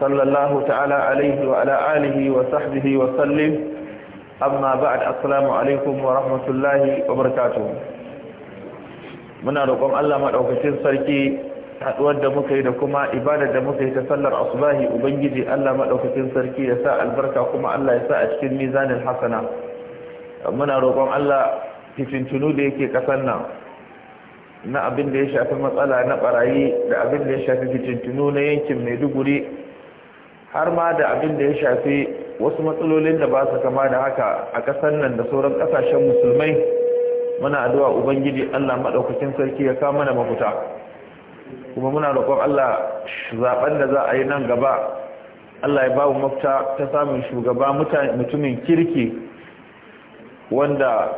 صلى الله تعالى عليه وعلى آله وصحبه وسلم أما بعد السلام عليكم ورحمة الله وبركاته muna roƙon Allah maɗaukacin sarki haɗuwar da muka yi da kuma ibadar da muka yi ta sallar asubahi ubangiji Allah maɗaukacin sarki ya sa albarka kuma Allah ya sa a cikin mizanin hasana muna roƙon Allah fitintunu da yake ƙasar nan na abin da ya shafi matsala na barayi da abin da ya shafi fitintunu na yankin maiduguri har ma da abin da ya shafi wasu matsalolin da ba su kama da haka a ƙasar nan da sauran ƙasashen musulmai muna addu'a ubangiji Allah madaukakin sarki ya kama mana mafuta kuma muna roƙon Allah zaben da za a yi nan gaba Allah ya mu mafita ta samun shugaba mutumin kirki wanda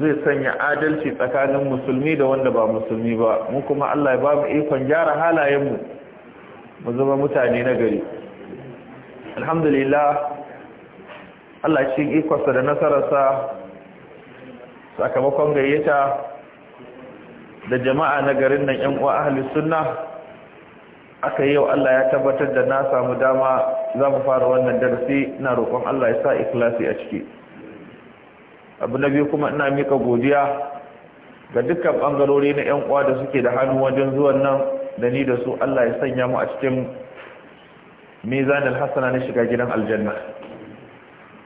zai sanya adalci tsakanin musulmi da wanda ba musulmi ba mu kuma Allah ya bamu ikon gyara halayenmu mu zama mutane na gari alhamdulillah Allah cikin ikonsa da nasararsa sakamakon gayyata da jama'a na garin nan yan uwa ahli sunna aka yi yau Allah ya tabbatar da na samu dama za mu fara wannan darasi na roƙon Allah ya sa ikhlasi a ciki abu na biyu kuma ina mika godiya ga dukkan bangarori na yan uwa da suke da hannu wajen zuwan nan da ni da su Allah ya sanya mu a cikin mizanin Hassana na shiga gidan aljanna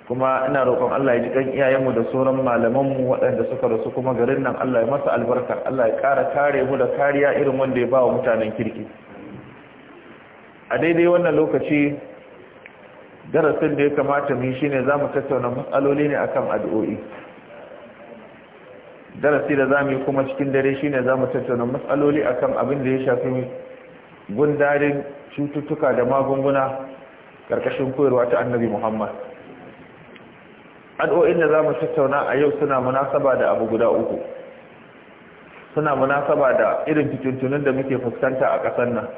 kuma ina roƙon Allah ya ji kan iyayenmu da sauran malamanmu waɗanda suka rasu kuma garin nan Allah ya masa albarka Allah ya ƙara kare mu da kariya irin wanda ya ba wa mutanen kirki a daidai wannan lokaci darasin da ya kamata mu yi shine za mu tattauna matsaloli ne akan addu'o'i darasi da za mu yi kuma cikin dare shine za mu tattauna matsaloli akan abin da ya shafi gundarin cututtuka da magunguna ƙarƙashin koyarwa ta annabi Muhammad addu'o'in da zamu tattauna a yau suna munasaba da abu guda uku suna munasaba da irin fitintunin da muke fuskanta a ƙasar nan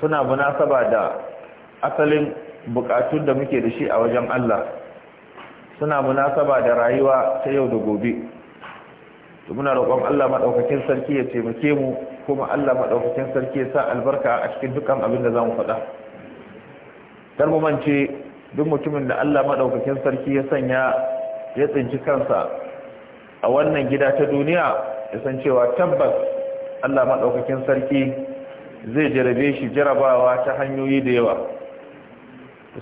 suna munasaba da asalin buƙatun da muke da shi a wajen Allah suna munasaba da rayuwa ta yau da gobe to muna roƙon Allah maɗaukakin sarki ya taimake mu kuma Allah maɗaukakin sarki ya sa albarka a cikin dukkan abin da za mu faɗa kar mu mance duk mutumin da Allah maɗaukakin sarki ya sanya ya tsinci kansa a wannan gida ta duniya ya san cewa tabbas Allah maɗaukakin sarki zai jarabe shi jarabawa ta hanyoyi da yawa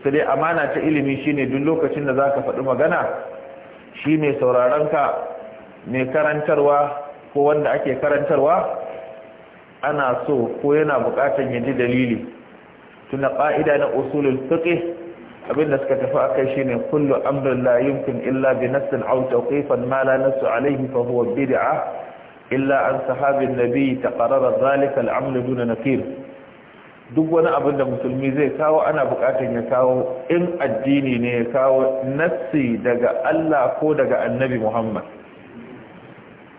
sai dai amana ta ilimi shine duk lokacin da zaka faɗi magana shi mai sauraronka mai karantarwa ko wanda ake karantarwa ana so ko yana bukatar ya ji dalili tuna ƙa'ida na usulul fiqh abinda suka tafi aka shine kullu amrin yumkin illa bi nassin aw tawqifan ma la nassu illa an sahabin nabi taqarrara zalika al-amru na nakir duk wani abin da musulmi zai kawo ana bukatar ya kawo in addini ne ya kawo nassi daga Allah ko daga annabi Muhammad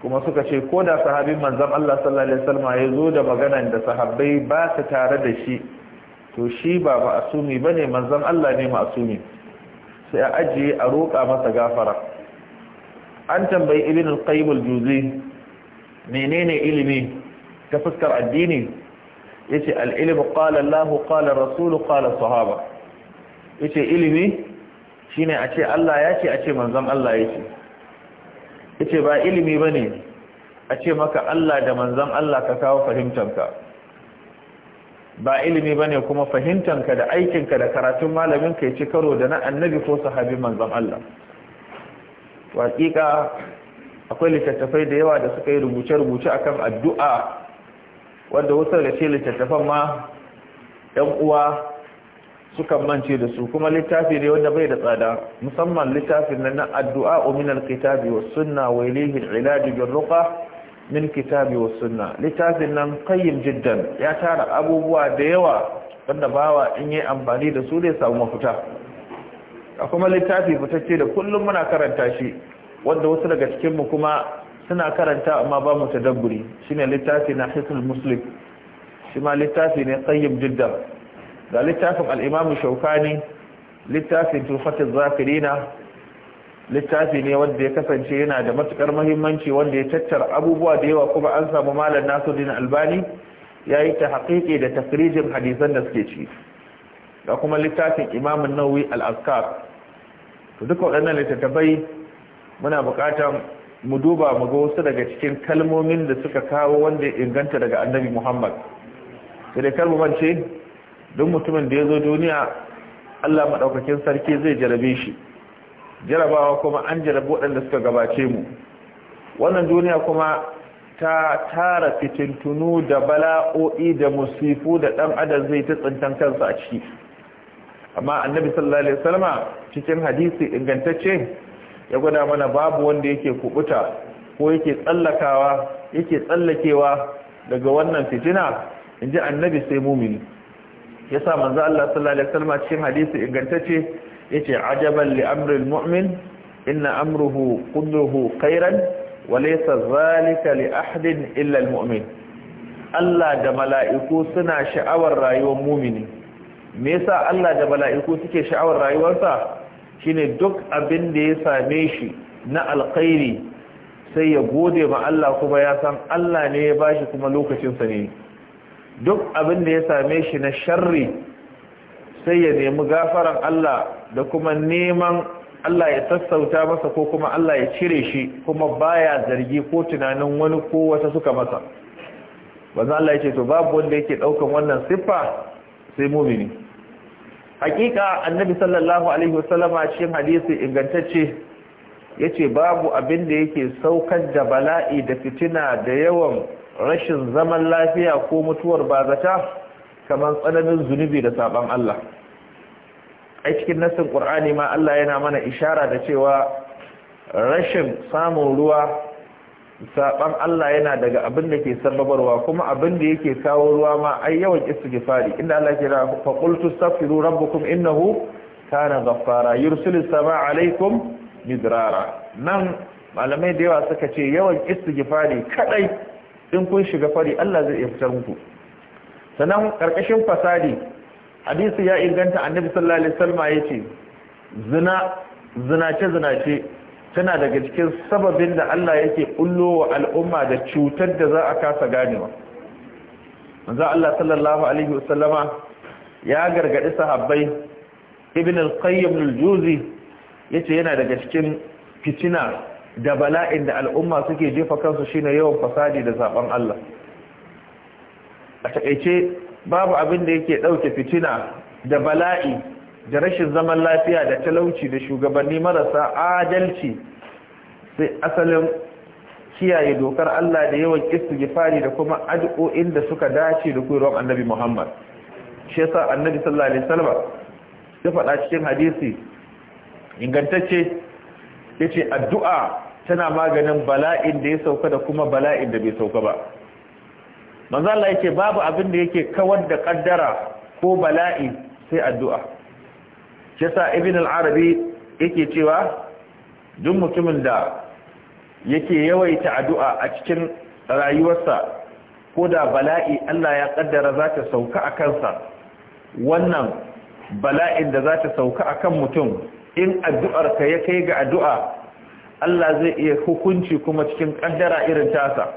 kuma suka ce ko da sahabin manzon Allah sallallahu alaihi wasallam ya zo da maganan da sahabbai ba su tare da shi to shi ba ma'asumi bane manzan Allah ne ma'asumi sai a ajiye a roƙa masa gafara an tambayi ibn al-qayyim al-juzi menene ilimi ta fuskar addini yace al-ilmu qala Allah qala rasul qala sahaba yace ilimi shine a ce Allah ya ce a ce manzon Allah ya ce yace ba ilimi bane a ce maka Allah da manzon Allah ka kawo fahimtanka ba ilimi bane kuma fahimtanka da aikinka da karatun malamin ka yace karo da na annabi ko sahabi manzon Allah waƙiƙa akwai littattafai da yawa da suka yi rubuce-rubuce akan addu'a wanda wasu da ce littattafan ma ‘yan uwa sukan mance da su kuma littafi ne wanda bai da tsada musamman littafin nan na addu'a min alkitabi was sunna wa ilayhi alilaj bil ruqa min kitabi was sunna littafin nan qayyim jiddan ya tara abubuwa da yawa wanda bawa in yi amfani da su zai samu mafita a kuma littafi fitacce da kullum muna karanta shi wanda wasu daga cikin mu kuma suna karanta amma ba mu tadabburi shine littafi na hisul muslim shi ma littafi ne qayyim jiddan ga littafin al'imamu shaukani littafin tufatin zafirina littafi ne wanda ya kasance yana da matukar mahimmanci wanda ya tattara abubuwa da yawa kuma an samu malam nasuddin albani ya yi ta haƙiƙe da tafrijin hadisan da suke ci ga kuma littafin imamun nauyi al'askar to duka waɗannan littattafai muna buƙatar mu duba mu ga wasu daga cikin kalmomin da suka kawo wanda ya inganta daga annabi muhammad sai dai don mutumin da ya zo duniya Allah maɗaukakin sarki zai jarabe shi jarabawa kuma an jarabi waɗanda suka gabace mu wannan duniya kuma ta tara fitintunu da bala'o'i da musifu da ɗan adam zai ta tsintan kansa a ciki amma annabi sallallahu alaihi wasallama cikin hadisi ingantacce ya gwada mana babu wanda yake kubuta ko yake tsallakawa yake tsallakewa daga wannan fitina inji annabi sai mumini yasa manzo Allah sallallahu alaihi wasallam cikin hadisi ingantacce yace ajaban li amri almu'min inna amruhu kulluhu khairan wa laysa zalika li ahadin illa almu'min Allah da mala'iku suna sha'awar rayuwar mumini me yasa Allah da mala'iku suke sha'awar rayuwarsa shine duk abin da ya same shi na alkhairi sai ya gode ma Allah kuma ya san Allah ne ya bashi kuma lokacin sa ne duk abin da ya same shi na sharri sai ya nemi gafaran Allah da kuma neman Allah ya sassauta masa ko kuma Allah ya cire shi kuma baya zargi ko tunanin wani ko wata suka masa wanda Allah ya to babu wanda yake daukan wannan siffa sai mumini hakika annabi sallallahu alaihi wasallama cikin hadisi ingantacce yace babu abin da yake saukar da bala'i da fitina da yawan rashin zaman lafiya ko mutuwar bazata kamar tsananin zunubi da saban Allah a cikin nassin Qur'ani ma Allah yana mana ishara da cewa rashin samun ruwa saban Allah yana daga abin da ke sababarwa kuma abin da yake kawo ruwa ma ai yawan istighfari inda Allah ke da fa qultu astaghfiru rabbukum innahu kana ghaffara yursilu samaa alaikum midrara nan malamai da yawa suka ce yawan istighfari kadai in kun shiga fari Allah zai iya fitar muku sannan karkashin fasadi hadisi ya inganta annabi sallallahu alaihi wasallam yace zina zinace zinace tana daga cikin sababin da Allah yake kullo wa al'umma da cutar da za a kasa ganewa manzo Allah sallallahu alaihi wasallama ya gargadi sahabbai ibn al-qayyim al-juzi yace yana daga cikin fitina da bala'in da al'umma suke jefa kansu shine yawan fasadi da zaben Allah a takaice babu abin da yake ɗauke fitina da bala'i da rashin zaman lafiya da talauci da shugabanni marasa adalci sai asalin kiyaye dokar Allah da yawan istighfari da kuma addu'o'in da suka dace da koyarwar Annabi Muhammad shi yasa Annabi sallallahu alaihi wasallam ya faɗa cikin hadisi ingantacce yace addu'a tana maganin bala'in da ya sauka da kuma bala'in da bai sauka ba manzo Allah yake babu abin da yake kawar da kaddara ko bala'i sai addu'a shi sa ibn al-arabi yake cewa duk mutumin da yake yawaita addu'a a cikin rayuwarsa ko da bala'i Allah ya kaddara za ta sauka a kansa wannan bala'in da za ta sauka akan mutum in addu'arka ya kai ga addu'a Allah zai iya hukunci kuma cikin kaddara irin tasa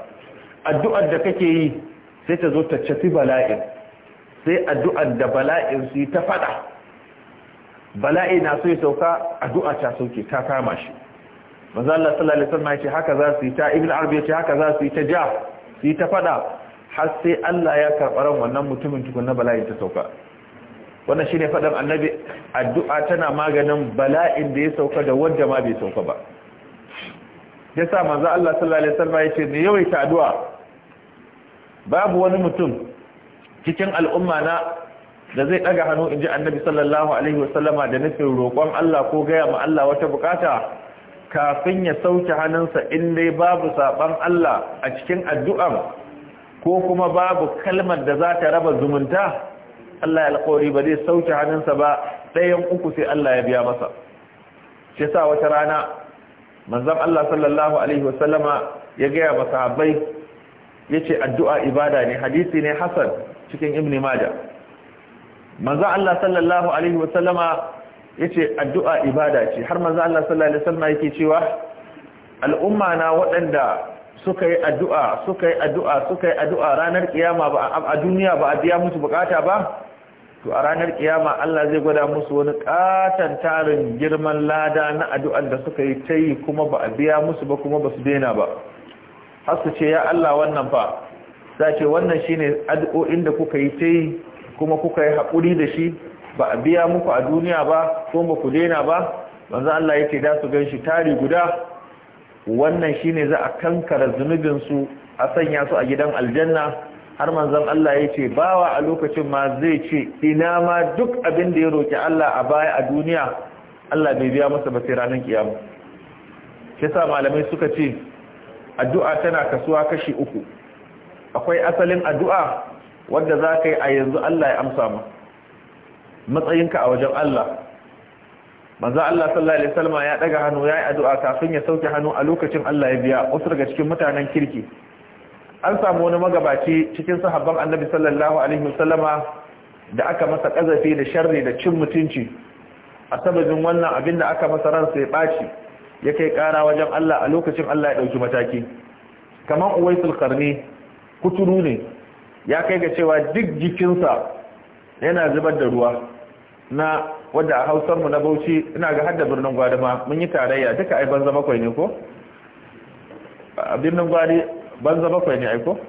addu'ar da kake yi sai ta zo ta cafi bala'in sai addu'ar da bala'in su ta fada bala'i na so ya sauka addu'a ta sauke ta kama shi maza Allah sallallahu alaihi wasallam ce haka za su yi ta ibnu arabi ya ce haka za su yi ta ja su yi ta fada har sai Allah ya karɓaran wannan mutumin na bala'in ta sauka wannan shine fadan annabi addu'a tana maganin bala'in da ya sauka da wanda ma bai sauka ba yasa manzo Allah sallallahu alaihi wasallam yace ne yawaita addu'a babu wani mutum cikin al'umma na da zai daga hannu inji annabi sallallahu alaihi wasallama da nufin roƙon Allah ko gaya ma Allah wata bukata kafin ya sauke hannunsa in dai babu saban Allah a cikin addu'an ko kuma babu kalmar da za ta raba zumunta Allah ya alƙawari ba zai sauke hannunsa ba ɗayan uku sai Allah ya biya masa shi sa wata rana manzon Allah sallallahu alaihi wasallama ya gaya wa sahabbai ce addu'a ibada ne hadisi ne hasan cikin ibn majah manzon Allah sallallahu alaihi wasallama ce addu'a ibada ce har manzon Allah sallallahu alaihi wasallama yake cewa al'umma na waɗanda suka yi addu'a suka yi addu'a suka yi addu'a ranar ƙiyama ba a duniya ba a biya musu bukata ba to a ranar kiyama Allah zai gwada musu wani katan tarin girman lada na addu'ar da suka yi ta yi kuma ba a biya musu ba kuma ba su daina ba hasu ce ya Allah wannan fa za wannan shine addu'o'in da kuka yi ta yi kuma kuka yi haƙuri da shi ba a biya muku a duniya ba ko ba ku daina ba manzo Allah yake da su gan shi tari guda wannan shine za a kankara zunubin su a sanya su a gidan aljanna har manzon Allah ya ce bawa a lokacin ma zai ce ina ma duk abin da ya roki Allah a baya a duniya Allah bai biya masa ba sai ranar kiyama shi sa malamai suka ce addu'a tana kasuwa kashi uku akwai asalin addu'a wanda za ka yi a yanzu Allah ya amsa ma matsayinka a wajen Allah manzo Allah sallallahu alaihi wasallam ya daga hannu yayi addu'a kafin ya sauke hannu a lokacin Allah ya biya wasu daga cikin mutanen kirki an samu wani magabaci cikin sahabban annabi sallallahu alaihi wasallama da aka masa kazafi da sharri da cin mutunci a sababin wannan abin da aka masa ransa ya baci ya kai kara wajen Allah a lokacin Allah ya ɗauki mataki kamar uwaisul karni kuturu ne ya kai ga cewa duk jikinsa yana zubar da ruwa na wadda a hausar mu na bauchi ina ga hadda birnin gwadama mun yi tarayya duka ai banza bakwai ne ko a birnin gwari banza bakwai ne aiko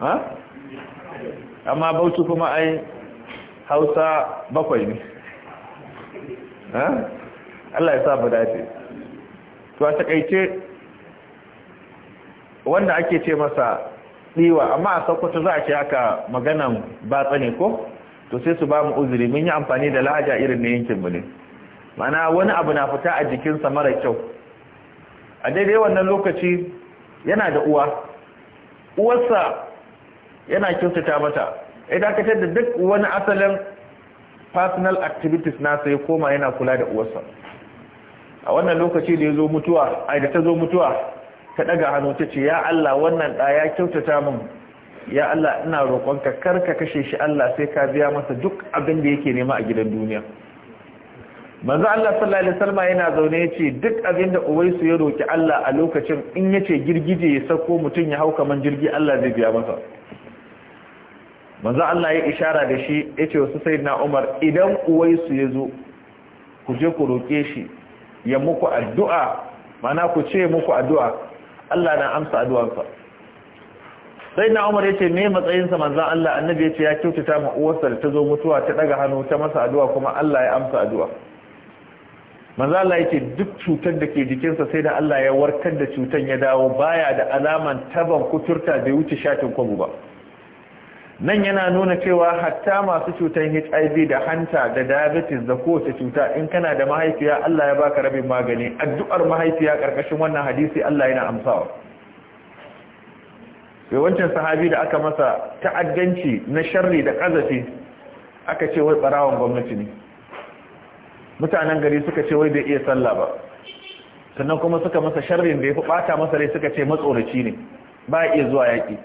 ha amma bauchi kuma ai hausa bakwai ne ha Allah ya sa dace to a takaice wanda ake ce masa tsiwa amma a sakkwato za a ce haka maganan batsa ne ko to sai su ba mu uzuri mun yi amfani da lahaja irin na yankinmu ne mana wani abu na fita a jikinsa mara kyau a daidai wannan lokaci yana da uwa uwarsa yana kyautata mata ya dakatar da duk wani asalin personal activities nasa ya koma yana kula da uwarsa a wannan lokaci da ya zo mutuwa a da ta zo mutuwa ta daga hannu ta ce ya Allah wannan da ya kyautata min ya Allah ina roƙonka karka kashe shi Allah sai ka biya masa duk abin da yake nema a gidan duniya manzo Allah sallallahu alaihi wasallam yana zaune yace duk abinda Uwaisu ya roki Allah a lokacin in yace girgije ya sako mutun ya hauka man jirgi Allah zai biya masa manzo Allah ya ishara da shi yace wasu sayyidina Umar idan Uwaisu ya zo ku je ku roke shi ya muku addu'a mana ku ce muku addu'a Allah na amsa addu'arsa sayyidina Umar yace me matsayin sa manzo Allah annabi yace ya kyautata ma uwarsa da ta zo mutuwa ta daga hannu ta masa addu'a kuma Allah ya amsa addu'a manzo Allah yake duk cutar da ke jikinsa sai da Allah ya warkar da cutar ya dawo baya da alaman taban kuturta bai wuce shatin kwabu ba nan yana nuna cewa hatta masu cutar HIV da hanta da diabetes da kowace cuta in kana da mahaifiya Allah ya baka rabin magani addu'ar mahaifiya karkashin wannan hadisi Allah yana amsawa yawancin wancan sahabi da aka masa ta'addanci na sharri da kazafi aka ce wai barawon gwamnati ne mutanen gari suka ce wai bai iya sallah ba sannan kuma suka masa sharrin da ya fi bata masa rai suka ce matsoraci ne ba iya zuwa yaƙi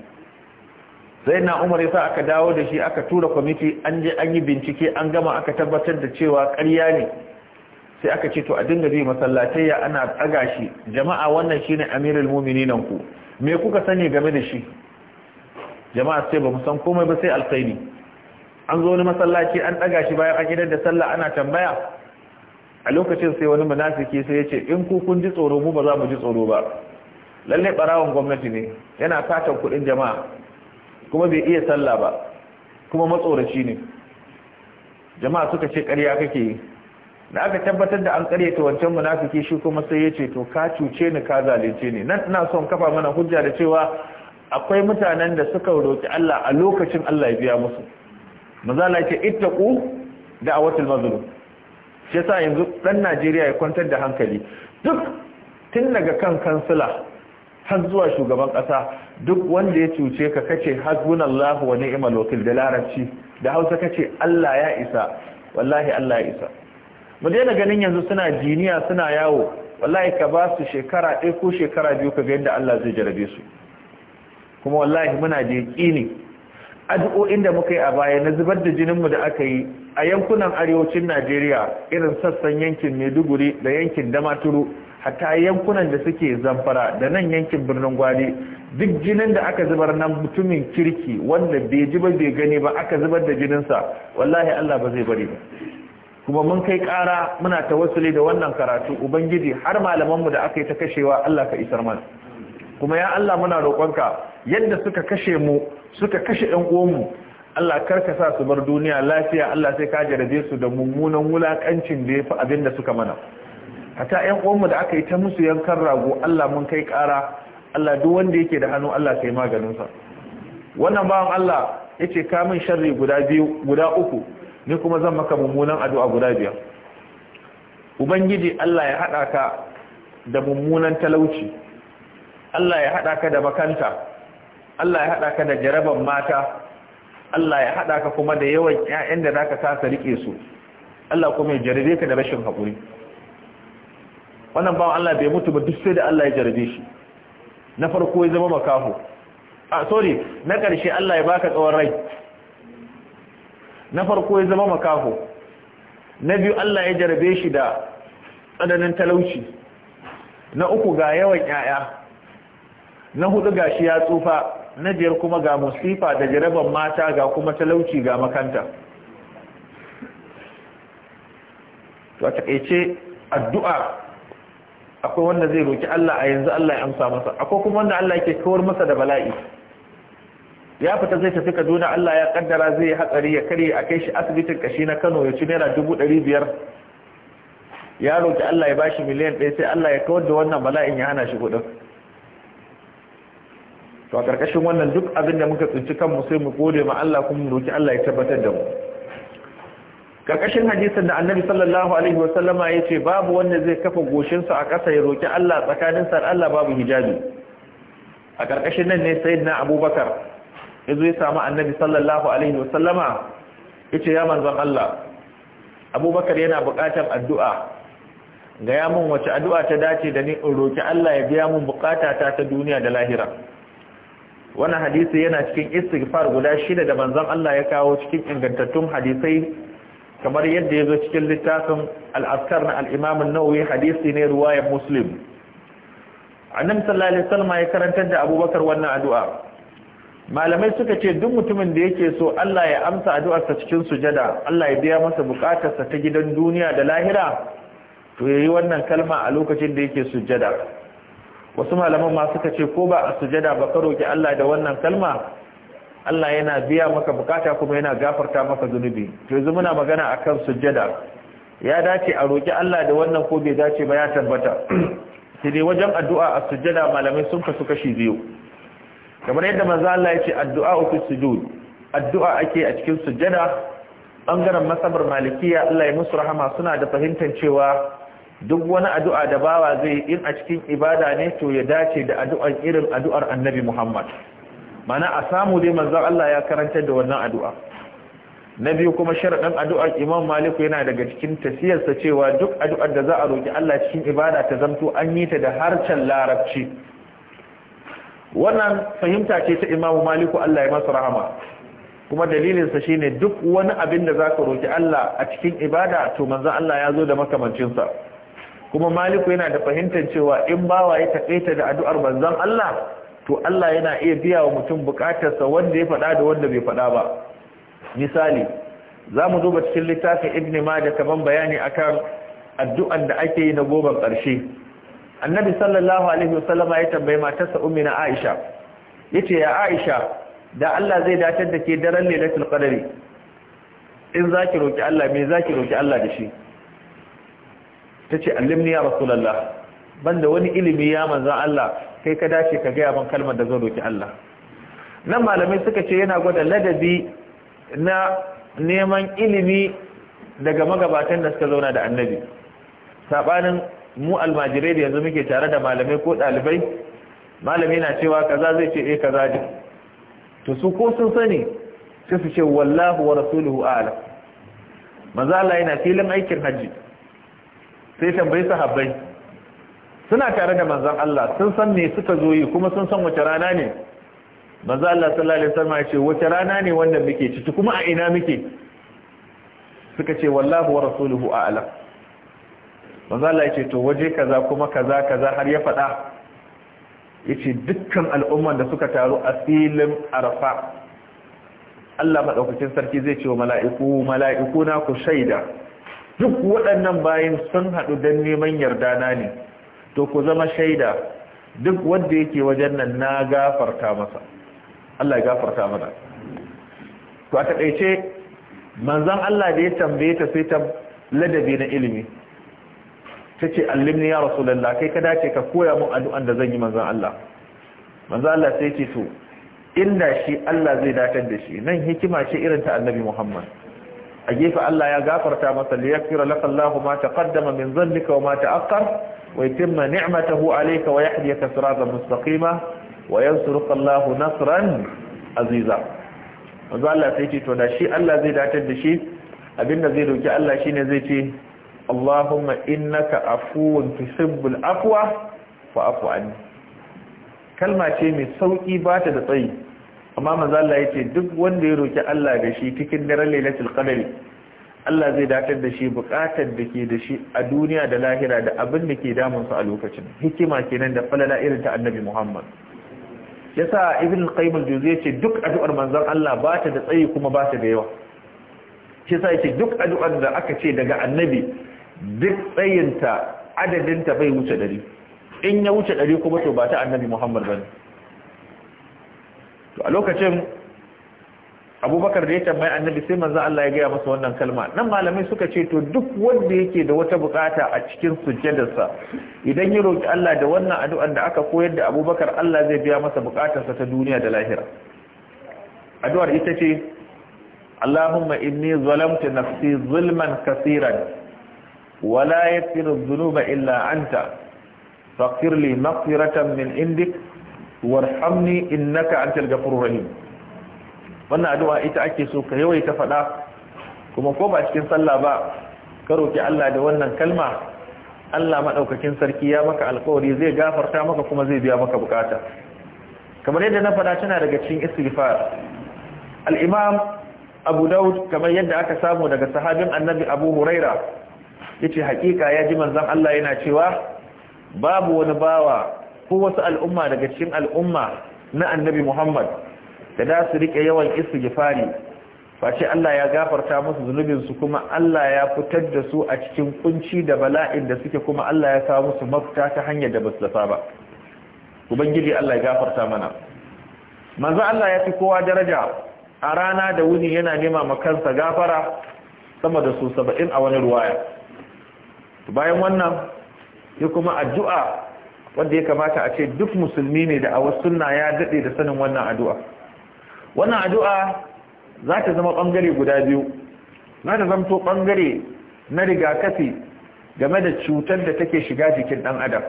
sai na umar ya sa aka dawo da shi aka tura kwamiti an je an yi bincike an gama aka tabbatar da cewa ƙarya ne sai aka ce to a dinga bi masallatai ya ana tsaga shi jama'a wannan shine amirul mu'minin ku me kuka sani game da shi jama'a sai ba san komai ba sai alkhairi an zo ni masallaci an tsaga shi bayan an idar da sallah ana tambaya a lokacin sai wani munafiki sai ya ce in ku kun ji tsoro mu ba za mu ji tsoro ba lalle barawon gwamnati ne yana katan kuɗin jama'a kuma bai iya sallah ba kuma matsoraci ne jama'a suka ce ƙarya kake yi da aka tabbatar da an ta wancan munafiki shi kuma sai ya ce to ka cuce ni ka zalunce ni nan ina son kafa mana hujja da cewa akwai mutanen da suka roki Allah a lokacin Allah ya biya musu mazala ce ittaqu da'awatul mazlum shi yasa yanzu ɗan Najeriya ya kwantar da hankali duk tun daga kan kansila har zuwa shugaban kasa duk wanda ya cuce ka kace hasbunallahu wa ni'mal wakil da larabci da Hausa kace Allah ya isa wallahi Allah ya isa mu daina ganin yanzu suna jiniya suna yawo wallahi ka ba su shekara ɗaya ko shekara biyu ka ga yadda Allah zai jarabe su kuma wallahi muna da yaƙini addu'o'in da muka yi a baya na zubar da jinin mu da aka yi a yankunan arewacin Najeriya irin sassan yankin Maiduguri da yankin Damaturu hatta yankunan da suke zamfara da nan yankin birnin Gwale duk jinin da aka zubar nan mutumin kirki wanda bai ji ba bai gani ba aka zubar da jininsa wallahi Allah ba zai bari ba kuma mun kai ƙara muna ta tawassuli da wannan karatu ubangiji har malamanmu da aka yi ta kashewa Allah ka isar mana kuma ya Allah muna roƙonka yadda suka kashe mu suka kashe ɗan uwanmu Allah karka sa su bar duniya lafiya Allah sai ka jarabe su da mummunan wulakancin da yafi abin da suka mana hata 'yan uwanmu da aka yi ta musu yankan rago Allah mun kai ƙara Allah duk wanda yake da hannu Allah sai maganin sa wannan bawan Allah yace ka min sharri guda biyu guda uku ni kuma zan maka mummunan addu'a guda biyar ubangiji Allah ya hada ka da mummunan talauci Allah ya hada ka da makanta Allah ya hada ka da jaraban mata Allah ya haɗa ka kuma da yawan ‘ya’yan da ka sasa riƙe su Allah kuma ya jarabe ka da rashin haƙuri wannan bawan Allah bai mutu ba duk sai da Allah ya jarabe shi na farko ya zama makaho a ah, sorry na ƙarshe Allah ya baka tsawon rai na farko ya zama makaho na biyu Allah ya jarabe shi da tsananin talauci na uku ga yawan 'ya'ya na hudu shi ya tsufa na biyar kuma ga musifa da jaraban mata ga kuma talauci ga makanta to a taƙaice addu'a akwai wanda zai roki Allah a yanzu Allah ya amsa masa akwai kuma wanda Allah yake kawar masa da bala'i ya fita zai tafi Kaduna Allah ya kaddara zai hatsari ya kare a kai shi asibitin kashi na Kano ya ci naira dubu biyar. ya roki Allah ya bashi miliyan ɗaya sai Allah ya kawar da wannan bala'in ya hana shi kuɗin to a karkashin wannan duk abin da muka tsinci kanmu sai mu gode ma Allah kuma mu roki Allah ya tabbatar da mu karkashin hadisin da annabi sallallahu alaihi wa sallama yace babu wanda zai kafa goshin sa a ƙasa ya roki Allah tsakanin sa Allah babu hijabi a karkashin nan ne sayyidina Abubakar yazo ya samu annabi sallallahu alaihi wa sallama yace ya manzon Allah Abubakar yana buƙatar addu'a ga ya mun wace addu'a ta dace da ni in roki Allah ya biya mun buƙata ta ta duniya da lahira wannan hadisi yana cikin istighfar guda shida da manzon Allah ya kawo cikin ingantattun hadisai kamar yadda yazo cikin littafin al na al-Imam an-Nawawi hadisi ne riwayar Muslim annabi sallallahu alaihi wasallam ya karantar da Abubakar wannan addu'a malamai suka ce duk mutumin da yake so Allah ya amsa addu'arsa cikin sujada Allah ya biya masa bukatarsa ta gidan duniya da lahira to yayi wannan kalma a lokacin da yake sujada wasu malaman ma suka ce ko ba a sujada ba ka roki Allah da wannan kalma Allah yana biya maka bukata kuma yana gafarta maka zunubi to yanzu muna magana akan sujada ya dace a roki Allah da wannan ko bai dace ba ya tabbata sai dai wajen addu'a a sujada malamai sun kasu kashi biyu kamar yadda manzo Allah ya ce addu'a fi sujud addu'a ake a cikin sujada bangaren masabar malikiya Allah ya musu rahama suna da fahimtar cewa duk wani addu'a da bawa zai in a cikin ibada ne to ya dace da addu'an irin addu'ar annabi Muhammad mana a samu dai manzo Allah ya karantar da wannan addu'a na biyu kuma sharaɗin addu'ar imam maliku yana daga cikin tafiyarsa cewa duk addu'ar da za a roƙi Allah cikin ibada ta zamto an yi ta da harshen larabci wannan fahimta ce ta imamu maliku Allah ya masa rahama kuma dalilinsa shine duk wani abin da zaka roki Allah a cikin ibada to manzo Allah ya zo da makamancinsa kuma maliku yana da fahimtar cewa in bawa ya taƙaita da addu'ar manzon Allah to Allah yana iya biya wa mutum bukatarsa wanda ya faɗa da wanda bai faɗa ba misali za mu duba cikin littafin ibn majah kaman bayani akan addu'an da ake yi na goban ƙarshe annabi sallallahu alaihi wasallam ya tambaye matarsa ummi na aisha yace ya aisha da Allah zai datar da ke daren lailatul qadari in zaki roki Allah me zaki roki Allah da shi ta ce alimni ya rasulallah banda wani ilimi ya manza Allah kai ka dace ka gaya ban kalmar da zan roki Allah nan malamai suka ce yana gwada ladabi na neman ilimi daga magabatan da suka zauna da annabi sabanin mu almajirai da yanzu muke tare da malamai ko dalibai malami na cewa kaza zai ce eh kaza ne to su ko sun sani sai su ce wallahu wa rasuluhu a'lam manzo Allah yana filin aikin hajji sai tambayi sahabbai suna tare da manzon Allah sun san me suka zo yi kuma sun san wace rana ne manzon Allah sallallahu alaihi wasallam ya ce wace rana ne wanda muke ciki kuma a ina muke suka ce wallahu wa rasuluhu a'lam manzon Allah ya ce to waje kaza kuma kaza kaza har ya faɗa yace dukkan al'umman da suka taru a filin Arfa Allah madaukakin sarki zai ce wa mala'iku mala'ikuna ku shaida duk waɗannan bayan sun haɗu don neman yarda na ne to ku zama shaida duk wanda yake wajen nan na gafarta masa Allah ya gafarta mana to a taƙaice manzan Allah da ya tambaye ta sai ta ladabi na ilimi ta ce allimni ya rasulallah kai ka dace ka koya mun addu'an da zan yi manzan Allah manzan Allah sai ce to inda shi Allah zai datar da shi nan hikima ce irin ta annabi Muhammad a gefe Allah ya gafarta masa li yakfira laka Allahu ma taqaddama min dhanbika wa ma ta'akhkhar wa yutimma ni'matahu alayka wa yahdiyaka siratan mustaqima wa yansuruka Allahu nasran aziza manzo Allah sai ce to da shi Allah zai datar da shi abinda zai doki Allah shine zai ce Allahumma innaka afuwun tuhibbul afwa fa'fu anni kalma ce mai sauki ba ta da tsayi amma manzo Allah yace duk wanda ya roki Allah da shi cikin daren lailatul qadari Allah zai datar da shi bukatar da ke da shi a duniya da lahira da abin da ke damun su a lokacin hikima kenan da falala irin ta Annabi Muhammad yasa Ibn al-Qayyim al-Juzeyy yace duk addu'ar manzon Allah ba ta da tsayi kuma ba ta da yawa yasa yace duk addu'ar da aka ce daga Annabi duk tsayinta adadinta bai wuce dari in ya wuce ɗari kuma to ba ta Annabi Muhammad bane to a lokacin abubakar da ya tambayi annabi sai manzo Allah ya gaya masa wannan kalma nan malamai suka ce to duk wanda yake da wata bukata a cikin sujjadarsa idan ya roki Allah da wannan addu'ar da aka koyar da abubakar Allah zai biya masa bukatarsa ta duniya da lahira addu'ar ita ce Allahumma inni zalamtu nafsi zulman kaseeran wa la yaghfiru dhunuba illa anta faghfirli maghfiratan min indik warhamni innaka antal ghafurur rahim wannan addu'a ita ake so ka yawaita faɗa kuma ko ba cikin sallah ba ka roki Allah da wannan kalma Allah madaukakin sarki ya maka alƙawari zai gafarta maka kuma zai biya maka bukata kamar yadda na faɗa tana daga cikin istighfar al-imam Abu da'ud kamar yadda aka samu daga sahabin Annabi Abu Huraira yace hakika ya ji manzon Allah yana cewa babu wani bawa ko wasu al'umma daga cikin al'umma na annabi Muhammad da za su rike yawan gifari face Allah ya gafarta musu zunubinsu kuma Allah ya fitar da su a cikin kunci da bala'in da suke kuma Allah ya kawo musu mafita ta hanyar da basu dafa ba ubangiji Allah ya gafarta mana manzo Allah ya fi kowa daraja a rana da wuni yana nema ma kansa gafara sama da su 70 a wani ruwaya bayan wannan ya kuma addu'a wanda ya kamata a ce duk musulmi ne da awa suna ya daɗe da sanin wannan addu'a wannan addu'a za ta zama bangare guda biyu za ta zamto bangare na rigakafi game da cutar da take shiga jikin dan adam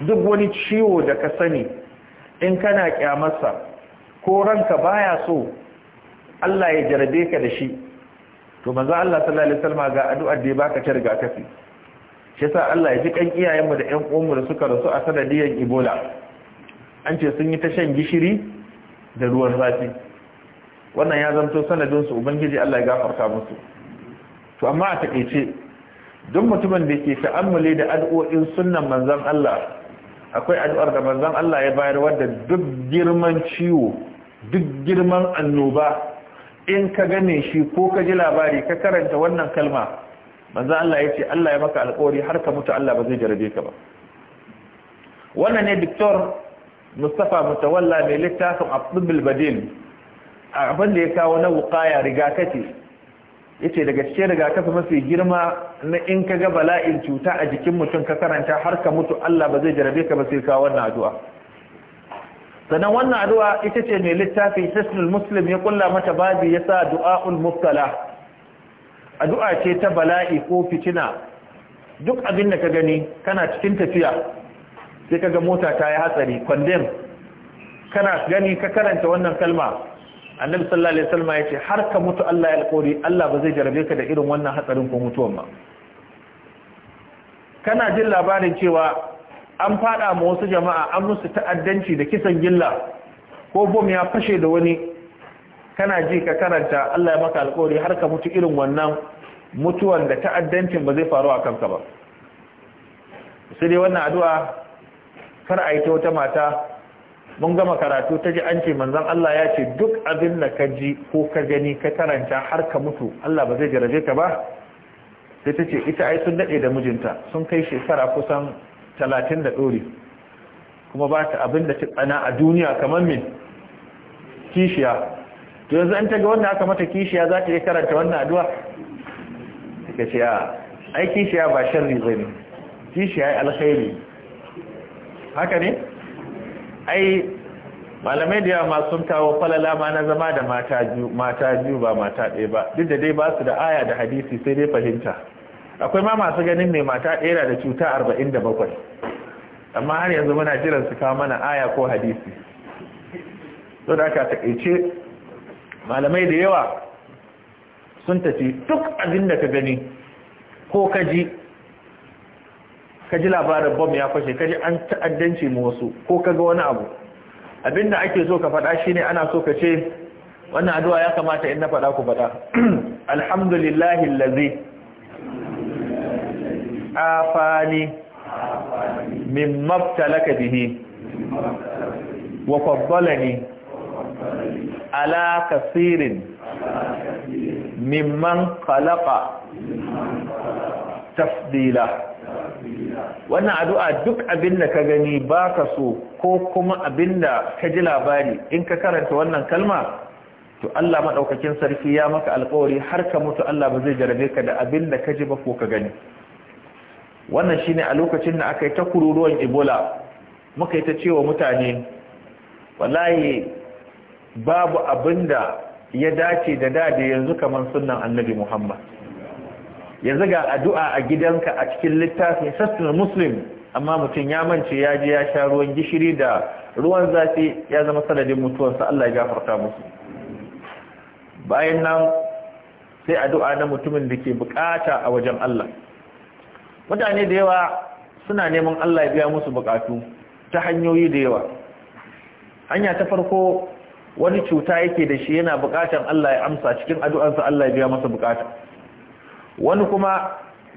duk wani ciwo da ka sani in kana kyamarsa ko ranka baya so Allah ya jarabe ka da shi to maza Allah sallallahu alaihi wasallam ga addu'ar da ya baka ta rigakafi shi sa Allah ya ji kan iyayenmu da ƴan uwanmu da suka rasu a sanadiyar Ebola an ce sun yi ta shan gishiri da ruwan zafi wannan ya zanto sanadin su ubangiji Allah ya gafarta musu to amma a takeice duk mutumin da ke ta'ammuli da addu'o'in sunnan manzon Allah akwai addu'ar da manzon Allah ya bayar wadda duk girman ciwo duk girman annoba in ka gane shi ko ka ji labari ka karanta wannan kalma manzo Allah ya ce Allah ya maka alƙawari har ka mutu Allah ba zai jarabe ka ba wannan ne Dr. Mustafa Mutawalla mai littafin Abdul Badil abin da ya kawo na wuqaya rigakafi yace daga cikin rigakafi mafi girma na in ka ga bala'in cuta a jikin mutum ka karanta har ka mutu Allah ba zai jarabe ka ba sai ka wannan addu'a sannan wannan addu'a ita ce mai littafin Hisnul Muslim ya kulla mata babi yasa du'aul muftala addu'a ce ta bala'i ko fitina duk abin da ka gani kana cikin tafiya sai kaga mota ta yi hatsari kwandem kana gani ka karanta wannan kalma annabi sallallahu alaihi wasallam yace har ka mutu Allah ya alƙori Allah ba zai jarabe ka da irin wannan hatsarin ko mutuwan ba kana jin labarin cewa an fada ma wasu jama'a an musu ta'addanci da kisan gilla ko bom ya fashe da wani kana ji ka karanta Allah ya maka alƙawari har ka mutu irin wannan mutuwan da ta'addancin ba zai faru a kanka ba sai dai wannan addu'a kar a yi ta wata mata mun gama karatu ta ji an ce manzon Allah ya ce duk abin da ka ji ko ka gani ka karanta har ka mutu Allah ba zai jarabe ka ba sai ta ce ita ai sun dade da mijinta sun kai shekara kusan talatin da ɗori kuma ba ta abin da ta tsana a duniya kamar min kishiya to yanzu an taga wannan aka mata kishiya za ta yi karanta wannan addu'a take ce a kishiya ba sharri ba ne kishiya ya alkhairi haka ne ai malamai da yawa sun kawo falala ma na zama da mata biyu mata biyu ba mata ɗaya ba duk da dai ba su da aya da hadisi sai dai fahimta akwai ma masu ganin mai mata ɗaya da cuta arba'in da bakwai amma har yanzu muna jiran su kawo mana aya ko hadisi so da aka taƙaice malamai da yawa sun tafi duk abin da ka gani ko ka ji labarin bom ya fashe kaji ji an ta'addanci mu wasu ko kaga wani abu abin da ake so ka faɗa shine ana so ka ce wannan addu'a ya kamata in na faɗa ku faɗa alhamdulillahi allazi afani min mabtalaka bihi wa faddalani ala kasirin mimman khalaqa tafdila wannan addu'a duk abin da ka gani ba ka so ko kuma abin da ka ji labari in ka karanta wannan kalma to Allah maɗaukakin sarki ya maka alƙawari har ka mutu Allah ba zai jarabe ka da abin da ka ji ba ko ka gani wannan shine a lokacin da aka yi ta kururuwan ebola muka yi ta cewa mutane wallahi babu abinda ya dace da da da yanzu kamar sunan annabi Muhammad yanzu ga addu'a a gidanka a cikin littafin sassan muslim amma mutum ya mance ya je ya sha ruwan gishiri da ruwan zafi ya zama sanadin mutuwarsa Allah ya gafarta musu bayan nan sai addu'a na mutumin da ke bukata a wajen Allah mutane da yawa suna neman Allah ya biya musu bukatu ta hanyoyi da yawa hanya ta farko wani cuta yake da shi yana bukatan Allah ya amsa cikin addu'arsa Allah ya biya masa bukata wani kuma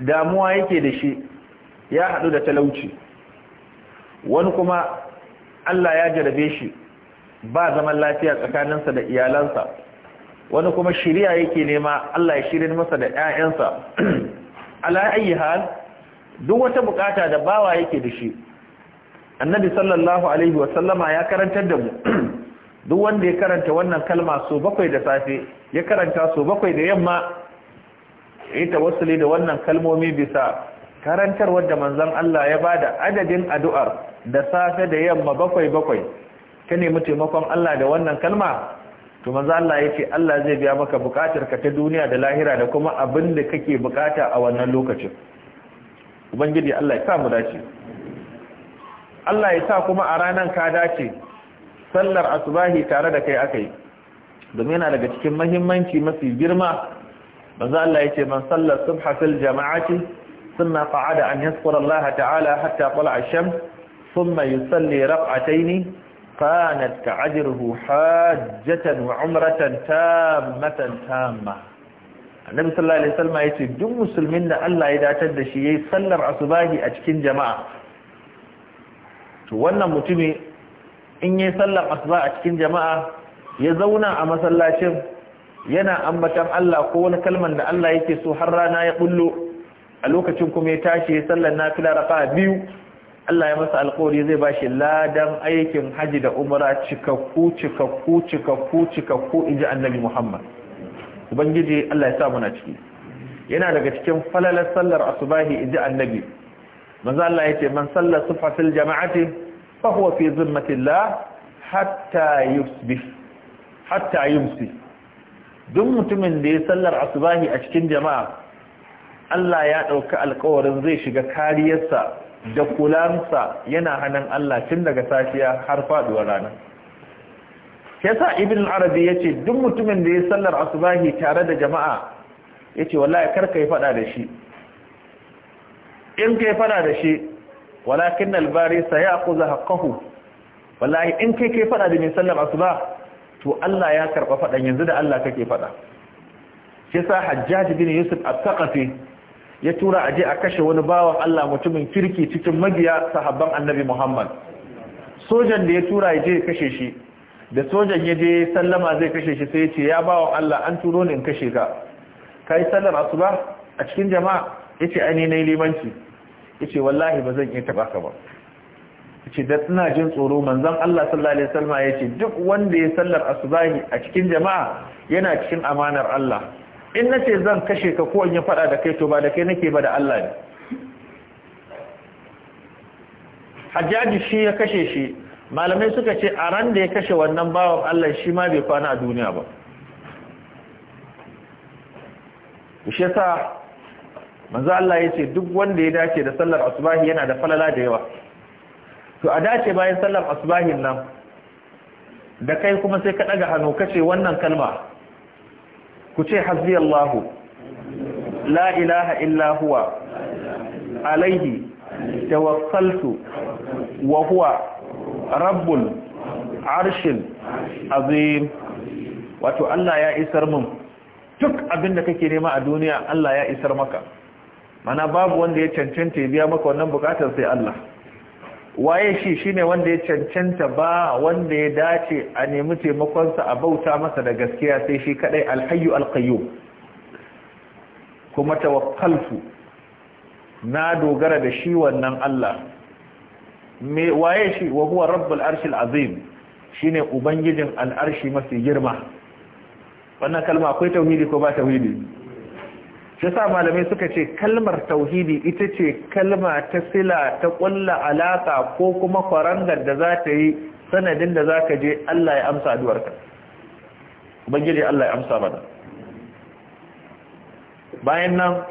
damuwa yake da shi ya hadu da talauci wani kuma Allah ya jarabe shi ba zaman lafiya tsakaninsa da iyalansa wani kuma shirya yake nema Allah ya shirin masa da ƴaƴansa ala ayi hal duk wata bukata da bawa yake da shi annabi sallallahu alaihi wa sallama ya karantar da mu duk wanda ya karanta wannan kalma so bakwai da safe ya karanta so bakwai da yamma ya tawassuli da wannan kalmomi bisa karantar wadda manzan Allah ya da adadin addu'ar da safe da yamma bakwai bakwai ka nemi taimakon Allah da wannan kalma to manzan Allah ce Allah zai biya maka bukatar ka ta duniya da lahira da kuma abin da kake bukata a wannan lokacin ubangiji Allah ya sa mu dace Allah ya sa kuma a ranan ka dace sallar asubahi tare da kai aka domin yana daga cikin mahimmanci mafi girma manzo Allah yace man sallar subha fil jama'ati thumma qa'ada an yazkura Allah ta'ala hatta tala'a ash-shams thumma yusalli rak'atayn kanat ka'ajruhu hajjatan wa umratan tammatan tamma annabi sallallahu alaihi wasallam yace duk musulmin da Allah ya datar da shi yayi sallar asubahi a cikin jama'a to wannan mutumi in yi sallar asuba a cikin jama'a ya zauna a masallacin yana ambatan Allah ko wani kalman da Allah yake so har rana ya bullo a lokacin kuma ya tashi ya sallar nafila raka'a biyu Allah ya masa alƙawari zai ba shi ladan aikin haji da umra cikakku cikakku cikakku cikakku ji annabi Muhammad ubangiji Allah ya sa muna ciki yana daga cikin falalar sallar asubahi ji annabi manzo Allah yace man salla sufa fil jama'ati fa huwa fi zimmatillah hatta yusbih hatta duk mutumin da ya sallar asubahi a cikin jama'a Allah ya ɗauka alkawarin zai shiga kariyarsa da kulansa yana hannun Allah tun daga safiya har faɗuwar rana yasa ibn arabi yace duk mutumin da ya sallar asubahi tare da jama'a ce wallahi kar yi faɗa da shi in kai faɗa da shi walakin albari sayaquzu haqqahu wallahi in kai kai fada da mai sallar asuba to Allah ya karba faɗan yanzu da Allah kake faɗa shi sa Hajjaj bin Yusuf al-Thaqafi ya tura a je a kashe wani bawan Allah mutumin kirki cikin magiya sahabban Annabi Muhammad sojan da ya tura ya je kashe shi da sojan ya je sallama zai kashe shi sai ya ce ya bawan Allah an turo ni in kashe ka kai sallar asuba a cikin jama'a yace ai ne limanci yace wallahi ba zan iya taba ka ba yace da ina jin tsoro manzon Allah sallallahu alaihi wasallam yace duk wanda ya sallar asubahi a cikin jama'a yana cikin amanar Allah in nace zan kashe ka ko in ya fada da kai to ba da kai nake ba da Allah ne Hajjaji shi ya kashe shi malamai suka ce a ran da ya kashe wannan bawan Allah shi ma bai kwana a duniya ba shi yasa manzo Allah ya ce duk wanda ya dace da sallar asubahi yana da falala da yawa to a dace bayan sallar asubahin nan da kai kuma sai ka daga hannu kace wannan kalma ku ce hasbi Allah la ilaha illa huwa alaihi tawakkaltu wa huwa rabbul arshil azim wato Allah ya isar mun duk abin da kake nema a duniya Allah ya isar maka mana babu wanda ya cancanta ya biya maka wannan bukatar sai Allah waye shi shine wanda ya cancanta ba wanda ya dace a nemi taimakonsa a bauta masa da gaskiya sai shi kadai alhayyu alqayyum kuma tawakkaltu na dogara da shi wannan Allah me waye shi wa huwa rabbul arshil azim shine ubangijin al'arshi mafi girma wannan kalma akwai tauhidi ko ba tauhidi shi sa malamai suka ce kalmar tauhidi ita ce kalma ta sila ta kulla alaka ko kuma kwarangar da za ta yi sanadin da za ka je Allah ya amsa duwarka ubangiji Allah ya amsa mana bayan nan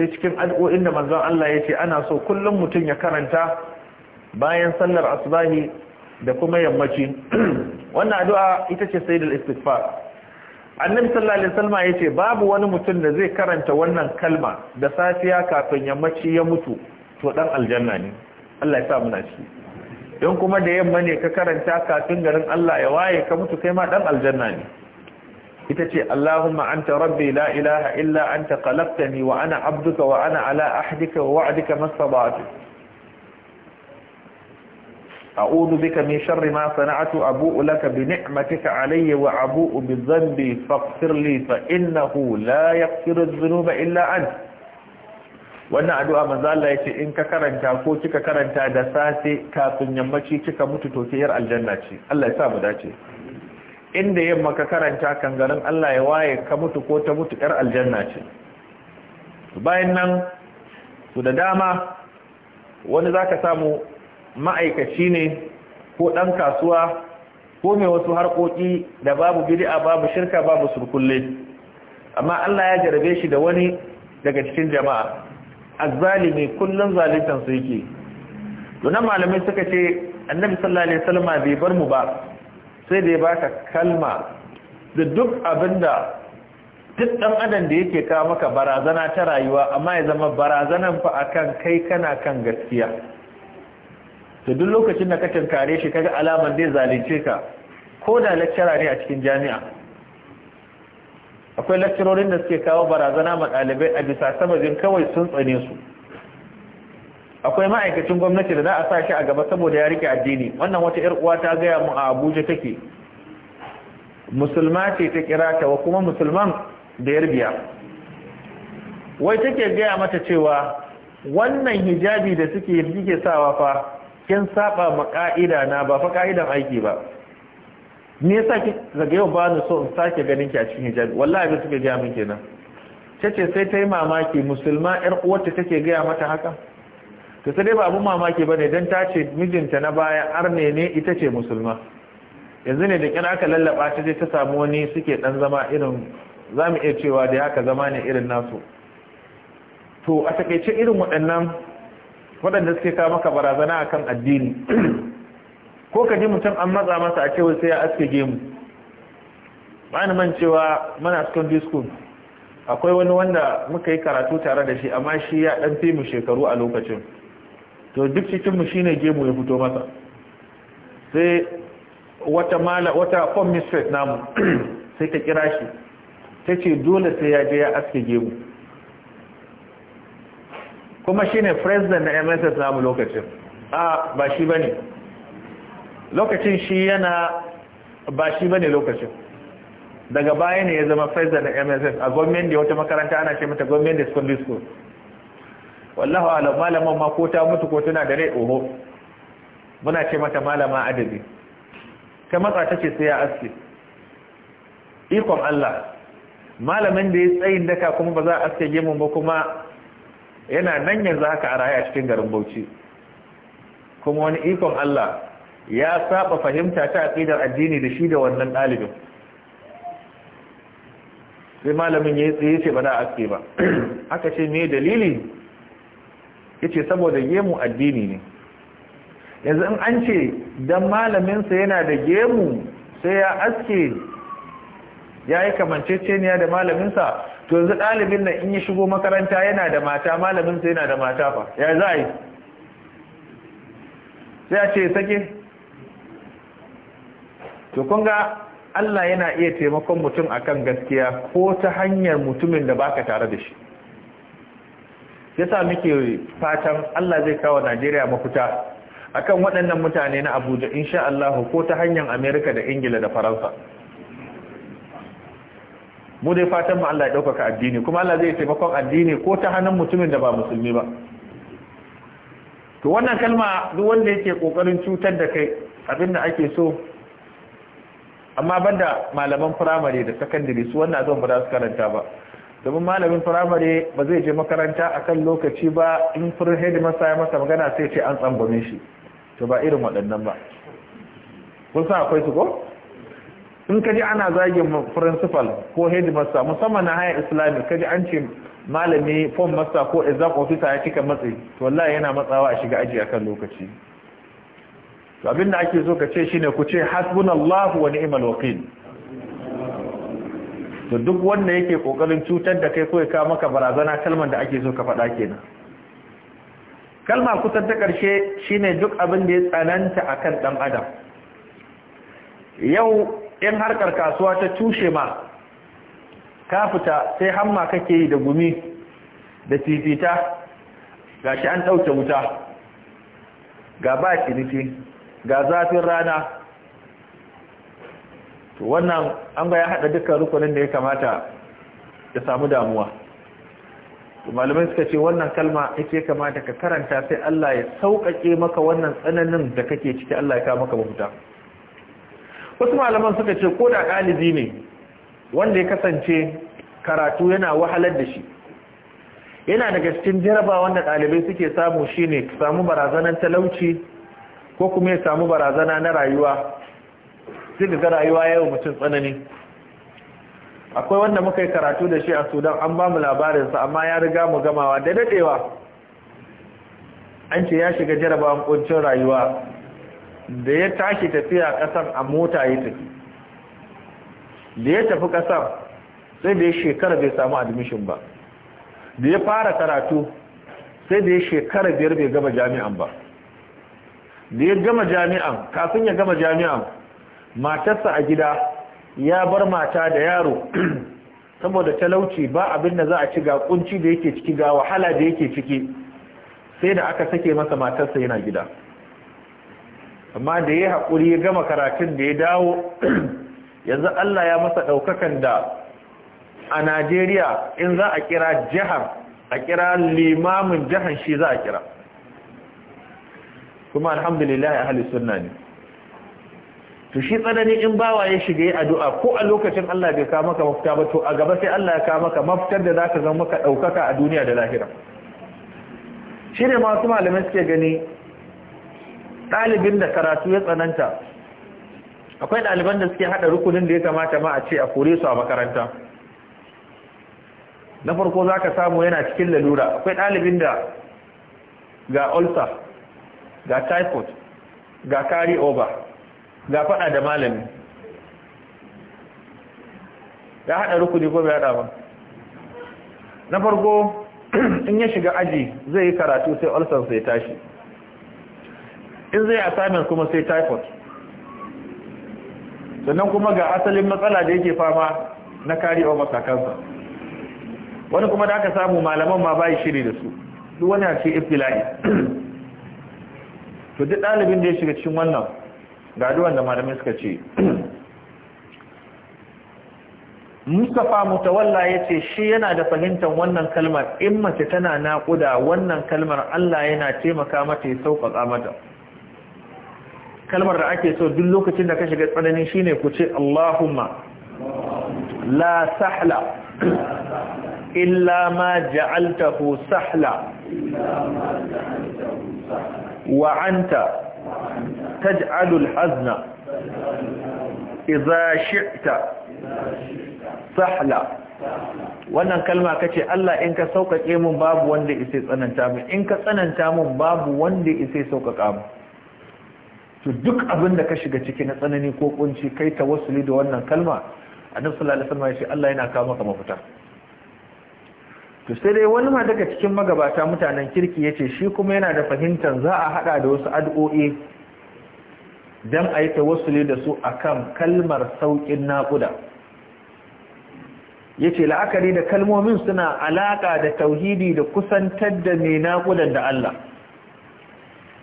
sai cikin addu'o'in da manzon Allah ya ce ana so kullum mutum ya karanta bayan sallar asbahi da kuma yammaci wannan addu'a ita ce sayyidul istighfar annabi sallallahu alaihi wasallam yace babu wani mutum da zai karanta wannan kalma da safiya kafin yammaci ya mutu to dan aljanna ne Allah ya sa don kuma da yamma ne ka karanta kafin garin Allah ya waye ka mutu kai ma dan aljanna ne ita ce Allahumma anta rabbi la ilaha illa anta khalaqtani wa ana abduka wa ana ala ahdika wa wa'dika mastata'tu أعوذ بك من شر ما صنعت أبوء لك بنعمتك علي وأبوء بذنبي فاغفر لي فإنه لا يغفر الذنوب إلا أنت wannan addu'a manzo Allah yace in ka karanta ko kika karanta da safe kafin yammaci kika mutu to sai yar aljanna ce Allah ya sa mu dace inda yamma ka karanta kan garin Allah ya waye ka mutu ko ta mutu yar aljanna ce bayan nan su da dama wani zaka samu ma'aikaci ne ko ɗan kasuwa ko mai wasu harkoki da babu bidi'a babu shirka babu surkulle amma Allah ya jarabe shi da wani daga cikin jama'a azzalimi kullun zalitan su yake donan malamai suka ce annabi sallallahu alaihi wasallam bai bar mu ba sai da ya baka kalma da duk abinda duk dan adam da yake kawo maka barazana ta rayuwa amma ya zama barazanan fa akan kai kana kan gaskiya da duk lokacin da ka tankare shi kaga alamar zai zalunce ka ko da lecturer ne a cikin jami'a akwai lecturerin da suke kawo barazana ma ɗalibai a bisa sabajin kawai sun tsane su akwai ma'aikacin gwamnati da za a sa shi a gaba saboda ya rike addini wannan wata yar uwa ta gaya mu a Abuja take musulma ce ta kira ta wa kuma musulman da yarbiya wai take gaya mata cewa wannan hijabi da suke yake sawa fa kin saba ma ka'ida na ba fa ka'idan aiki ba me yasa ki daga yau ba ni so in sake ganin ki a cikin hijabi wallahi ba suke ga mun kenan tace sai ta yi mamaki musulma yar uwarta take gaya mata haka to sai dai ba abun mamaki bane dan ta ce mijinta na baya arne ne ita ce musulma yanzu ne da kin aka lallaba ta je ta samu wani suke dan zama irin zamu iya cewa da haka zama ne irin nasu to a takaice irin waɗannan waɗanda suke kawo maka barazana a kan addini ko ka ji mutum an matsa masa a cewa sai ya aske gemu bani man cewa muna secondary school akwai wani wanda muka yi karatu tare da shi amma shi ya dan mu shekaru a lokacin to duk cikin mu shine gemu ya fito masa sai wata mala wata form mistress namu sai ta kira shi ce dole sai ya je ya aske gemu kuma shine president na MSS namu lokacin a ba shi bane lokacin shi yana ba shi bane lokacin daga baya ne ya zama president na MSS a government da wata makaranta ana ce mata government secondary school wallahu alam malaman ma ko ta mutu ko tana da rai oho muna ce mata malama adabi kai matsa ta ce sai ya aske ikon Allah malamin da ya tsayin daka kuma ba za a aske gemun ba kuma yana nan yanzu haka a raya cikin garin bauchi kuma wani ikon Allah ya saba fahimta ta aqidar addini da shi da wannan dalibin. sai malamin ya tsaye ce ba da aske ba aka ce me dalili yace saboda gemu addini ne yanzu in an ce dan malaminsa yana da gemu sai ya aske yayi yi kamanceceniya da malaminsa to yanzu ɗalibin nan in ya shigo makaranta yana da mata malamin sai yana da mata fa ya za yi sai a ce sake to kun ga Allah yana iya taimakon mutum akan gaskiya ko ta hanyar mutumin da baka tare da shi yasa muke fatan Allah zai kawo Najeriya mafuta akan waɗannan mutane na Abuja insha Allah ko ta hanyar Amerika da Ingila da Faransa mu dai fatan mu Allah ya ɗaukaka addini kuma Allah zai taimakon addini ko ta hannun mutumin da ba musulmi ba to wannan kalma duk wanda yake kokarin cutar da kai abin da ake so amma banda malaman firamare da sakandare su wannan zan ba za su karanta ba domin malamin firamare ba zai je makaranta akan lokaci ba in furin hedi masa ya masa magana sai ce an tsambame shi to ba irin waɗannan ba kun san akwai su ko in ji ana zagin principal ko headmaster musamman na haya ka kaji an ce malami form master ko exam officer ya cika matsayi to wallahi yana matsawa a shiga aji akan lokaci to abin da ake so ka ce shine ku ce hasbunallahu wa ni'mal wakeel to duk wanda yake kokarin cutar da kai ko ya ka maka barazana kalmar da ake so ka faɗa kenan kalma kusan ta ƙarshe shine duk abin da ya tsananta akan dan adam yau in harkar kasuwa ta tushe ma ka fita sai hamma kake yi da gumi da fifita shi an ɗauke wuta ga ba ciniki ga zafin rana to wannan an ga ya haɗa dukkan rukunin da ya kamata ya samu damuwa malamai suka ce wannan kalma ita kamata ka karanta sai Allah ya sauƙaƙe maka wannan tsananin da kake ciki Allah ya kawo maka mafuta wasu malaman suka ce ko da ɗalibi ne wanda ya kasance karatu yana wahalar da shi yana daga cikin jiraba wanda ɗalibai suke samu shi ne samu barazanar talauci ko kuma ya samu barazana na rayuwa sai ga rayuwa yau mutum tsanani akwai wanda muka yi karatu da shi a sudan an ba mu labarinsa amma ya riga mu gamawa da daɗewa an ce ya shiga jarabawan ƙuncin rayuwa da ya tashi tafiya kasar a mota ya tafi da ya tafi kasar sai da ya shekara bai samu admission ba da ya fara karatu sai da ya shekara biyar bai gama jami'an ba da ya gama jami'an kafin ya gama jami'an matarsa a gida ya bar mata da yaro saboda talauci ba abin da za a ci ga kunci da yake ciki ga wahala da yake ciki sai da aka sake masa matarsa yana gida amma da ya haƙuri ya gama karatun da ya dawo yanzu Allah ya masa ɗaukakan da a Najeriya in za a kira jihar a kira limamin jihar shi za a kira kuma alhamdulillah ahli suna ne to shi tsanani in bawa ya shiga yi addu'a ko a lokacin Allah bai kama ka mafita ba to a gaba sai Allah ya kama ka mafitar da za ka zama maka ɗaukaka a duniya da lahira shi ne masu malamai suke gani ɗalibin da karatu ya tsananta akwai ɗaliban da suke haɗa rukunin da ya kamata ma a ce a kore su a makaranta na farko za ka samu yana cikin lalura akwai ɗalibin da ga ulcer ga typhoid ga carry over ga faɗa da malami ya haɗa rukuni ko bai haɗa ba na farko in ya shiga aji zai yi karatu sai ulcer sai tashi in zai assignment kuma sai typhoid sannan kuma ga asalin matsala da yake fama na kari a kakansa wani kuma da aka samu malaman ma bayi shiri da su duk wani a ce ifilai to duk ɗalibin da ya shiga cikin wannan ga duwan da malamai suka ce Mustapha Mutawalla ya ce shi yana da fahimtar wannan kalmar in mace tana naƙuda wannan kalmar Allah yana taimaka mata ya sauƙaƙa mata. kalmar da ake so duk lokacin da ka shiga tsanani shine ku ce Allahumma la sahla illa ma ja'altahu sahla wa anta taj'alul hazna idza shi'ta sahla wannan kalma kace Allah in ka sauƙaƙe mun babu wanda yake tsananta mun in ka tsananta mun babu wanda yake sauƙaƙa mun to duk abin da ka shiga ciki na tsanani ko kunci kai ta wasu da wannan kalma nan sallallahu alaihi wasallam ya ce Allah yana kawo maka mafita to dai wani ma daga cikin magabata mutanen kirki yace shi kuma yana da fahimtar za a hada da wasu addu'o'i dan ta wasu da su akan kalmar saukin naƙuda yace la'akari da kalmomin suna alaƙa da tauhidi da kusantar da mai naƙudan da Allah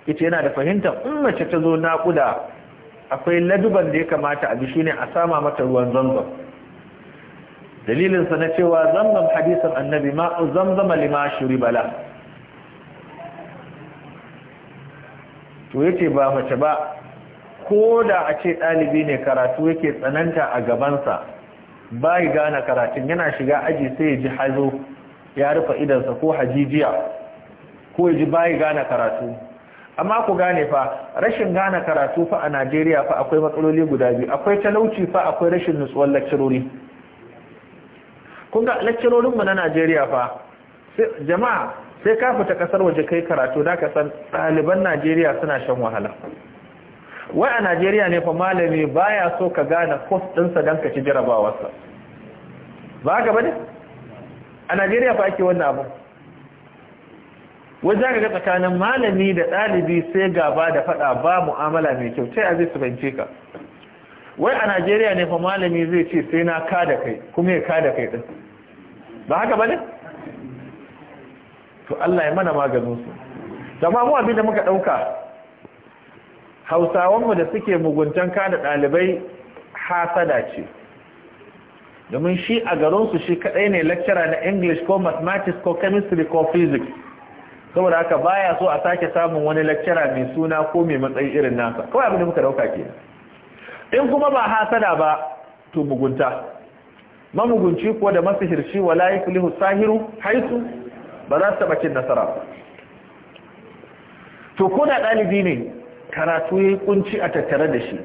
ita yana da fahimtar in mace ta zo naƙuda akwai laduban da ya kamata a bishi ne a sama mata ruwan zamzam dalilinsa na cewa zamzam hadisan annabi ma'u zamzama lima shuri bala to ya ce ba mace ba ko da a ce ɗalibi ne karatu yake tsananta a gabansa ba yi gane karatun yana shiga aji sai ya ji hazo ya rufe idansa ko hajijiya ko ya ji yi gane karatu amma ku gane fa rashin gane karatu fa a Najeriya fa akwai matsaloli guda biyu akwai talauci fa akwai rashin nutsuwar lakcirori kun ga lakcirorin mu na Najeriya fa jama'a sai ka fita kasar waje kai karatu da ka san ɗaliban Najeriya suna shan wahala wai a Najeriya ne fa malami baya so ka gane course ɗinsa dan ka ci jarabawarsa ba ga bane a Najeriya fa ake wannan abu Wai wajen ga tsakanin malami da ɗalibi sai gaba da faɗa ba mu'amala mai kyau ta zai su bance ka wai a najeriya ne fa malami zai ce sai na ka da kai kuma ya ka da kai ɗin ba haka ba ne? to allah ya mana maganinsu dama mu abin da muka ɗauka hausawanmu da suke muguntan ka da ɗalibai hasada ce domin shi a garinsu shi kaɗai ne lecturer na english ko mathematics ko chemistry ko physics saboda haka baya so a sake samun wani lecturer mai suna ko mai matsayi irin nasa kawai abin da muka dauka ke in kuma ba hasada ba to mugunta mamugunci ko da masihirci wala kulihu sahiru haisu ba za su taba cin nasara to ko da dalibi ne karatu yayi kunci a tattare da shi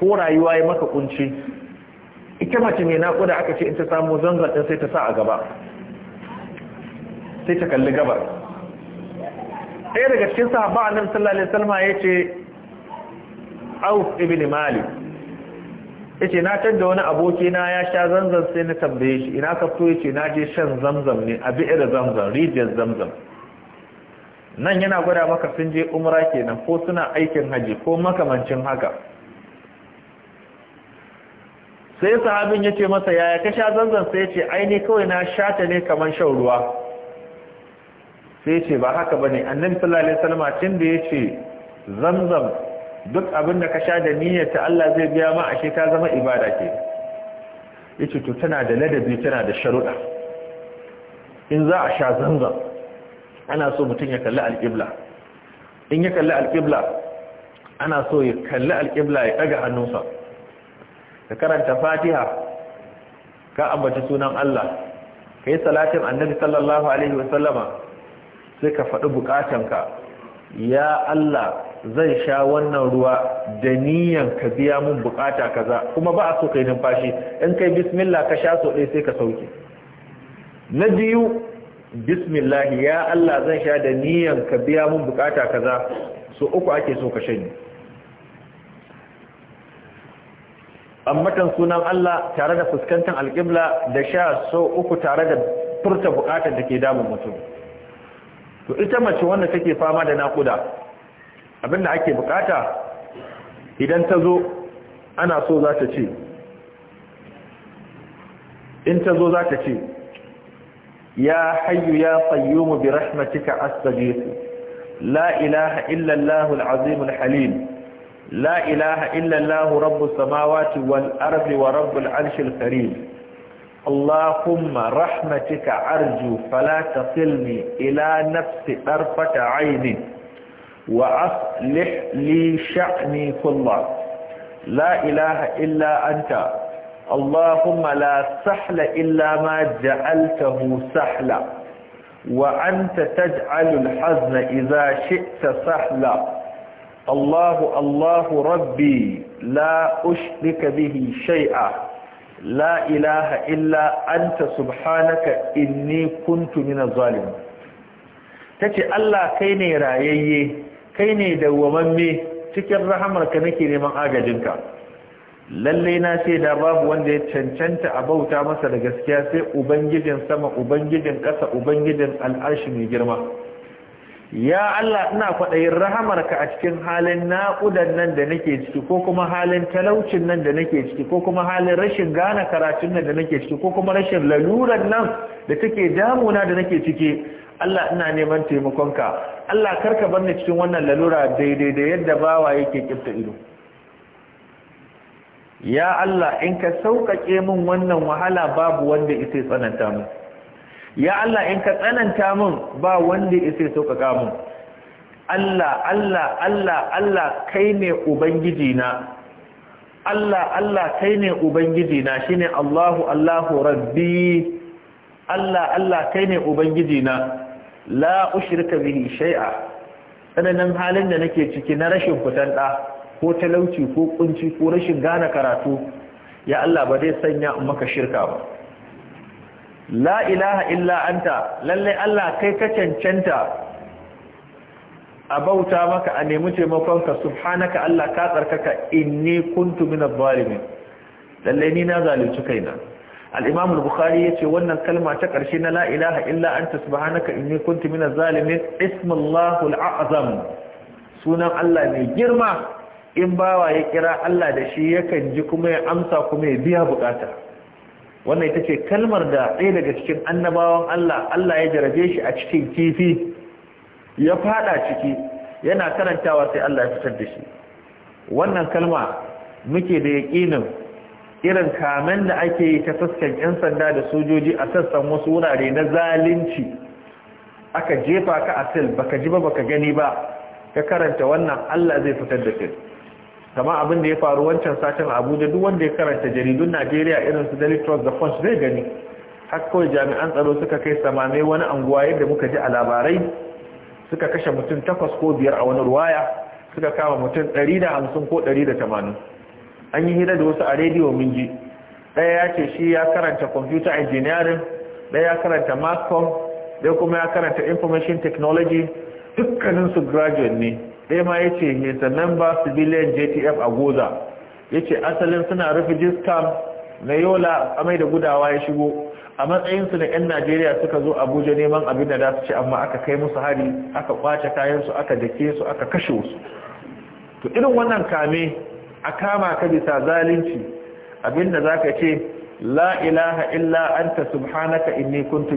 ko rayuwa ya maka kunci ita mace mai naƙuda aka ce in ta samu zanzan ɗin sai ta sa a gaba sai ta kalli gabar ɗaya daga cikin sahaba annabi sallallahu alaihi wasallam yace Auf ibn Malik yace na tada wani aboki na ya sha zanzan sai na tambaye shi ina ka fito yace na je shan zamzam ne a bi'ir zamzam rijiyar zamzam nan yana gwada maka sun je umra kenan ko suna aikin haji ko makamancin haka sai sahabin yace masa yaya ka sha zanzan sai yace ai ne kawai na sha ta ne kaman shan ruwa sai ce ba haka bane annabi sallallahu alaihi wasallam tun da ya ce zamzam duk abin da ka sha da niyyar ta Allah zai biya ma ashe ta zama ibada ke yace to tana da ladabi tana da sharuda in za a sha zamzam ana so mutum ya kalli alƙibla in ya kalli alƙibla ana so ya kalli alƙibla ya daga hannunsa ka karanta fatiha ka ambaci sunan Allah ka yi salatin annabi sallallahu alaihi wasallama sai ka faɗi bukatanka ya Allah zan sha wannan ruwa da niyan ka biya mun bukata kaza kuma ba a so kai numfashi in kai bismillah ka sha so ɗaya sai ka sauke na biyu bismillah ya Allah zan sha da niyan ka biya mun bukata kaza so uku ake so ka shanye ammatan sunan Allah tare da fuskantar alƙibla da sha so uku tare da furta bukatar da ke damun mutum to ita mace wanda take fama da naƙuda abinda ake bukata idan ta zo ana so za ta ce in ta zo za ta ce ya hayyu ya qayyumu bi rahmatika astaghfiru la ilaha illa allah al-azim al la ilaha illa allah rabbus samawati wal ardi wa rabbul arshil karim اللهم رحمتك أرجو فلا تصلني إلى نفس طرفة عين وأصلح لي شأني كله لا إله إلا أنت اللهم لا سحل إلا ما جعلته سحلا وأنت تجعل الحزن إذا شئت سحلا الله الله ربي لا أشرك به شيئا la ilaha illa anta subhanaka inni kuntu minaz zalimin tace Allah kai ne rayayye kai ne da dawwamamme cikin rahamarka nake neman agajinka Lallai na ce da babu wanda ya cancanta a bauta masa da gaskiya sai ubangijin sama ubangijin ƙasa ubangijin al'ashi mai girma ya Allah ina kwaɗayin rahamarka a cikin halin naƙudan nan da nake ciki ko kuma halin talaucin nan da nake ciki ko kuma halin rashin gane karatun nan da nake ciki ko kuma rashin laluran nan da take damuna da nake ciki Allah ina neman taimakonka Allah karka bar ni cikin wannan lalura daidai da yadda bawa yake kifta ido ya Allah in ka sauƙaƙe min wannan wahala babu wanda ita tsananta mu ya Allah in ka tsananta min ba wanda ya sai sauƙaƙa min Allah Allah Allah Allah kai ne ubangiji na Allah Allah kai ne ubangiji na shine Allahu Allahu rabbi Allah Allah kai ne ubangiji na la ushrika bihi shay'a sanannen halin da nake ciki na rashin fitan da ko talauci ko kunci ko rashin gane karatu ya Allah ba zai sanya maka shirka ba la ilaha illa anta lalle Allah kai ka cancanta a bauta maka a nemi taimakonka subhanaka Allah ka tsarkaka inni kuntu minaz zalimin lalle ni na zalunci kaina al-imam al-bukhari yace wannan kalma ta karshe na la ilaha illa anta subhanaka inni kuntu minaz zalimin ismullahu al-a'zam sunan Allah mai girma in bawa ya kira Allah da shi yakan ji kuma ya amsa kuma ya biya bukata wannan ita ce kalmar da ɗaya daga cikin annabawan Allah Allah ya jarabe shi a cikin kifi ya fada ciki yana karantawa sai Allah ya fitar da shi wannan kalma muke da yaƙinin irin kamen da ake yi ta fuskan 'yan sanda da sojoji a sassan wasu wurare na zalunci aka jefa ka a sil baka ji ba baka gani ba ka karanta wannan Allah zai fitar da kai kama abin da ya faru wancan satin abuja duk wanda ya karanta jaridun najeriya irin su daily trust da punch zai gani har kawai jami'an tsaro suka kai samame wani anguwa yadda muka ji a labarai suka kashe mutum takwas ko biyar a wani ruwaya suka kama mutum ɗari da hamsin ko ɗari da tamanin an yi hira da wasu a rediyo mun ji ɗaya ya ce shi ya karanta computer engineering ɗaya ya karanta mass com ɗaya kuma ya karanta information technology dukkaninsu graduate ne sai ma ya ce he's a member civilian jtf a goza ya ce asalin suna rufe camp na yola amai da gudawa ya shigo a matsayinsu na 'yan najeriya suka zo abuja neman abin da za su ce amma aka kai musu hari aka kwace kayansu aka dake su aka kashe su to irin wannan kame a kama ka bisa zalunci abin da za ka ce la ilaha illa anta subhanaka inni kuntu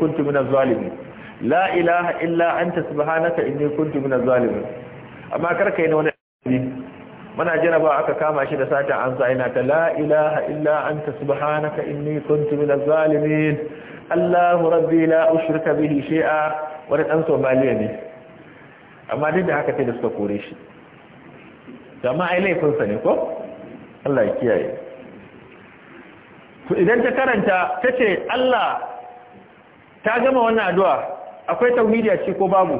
kuntu min zalimin la ilaha illa anta subhanaka inni kuntu minaz zalimin amma kar kai ne wani muna jarabawa aka kama shi da satan an sa ina ta la ilaha illa anta subhanaka inni kuntu minaz zalimin Allahu rabbi la ushrika bihi shay'a wani dan Somaliya ne amma duk da haka sai da suka kore shi amma laifinsa ne ko Allah kiyaye to idan ta karanta tace Allah ta gama wannan addu'a akwai tauhidi a ciki ko babu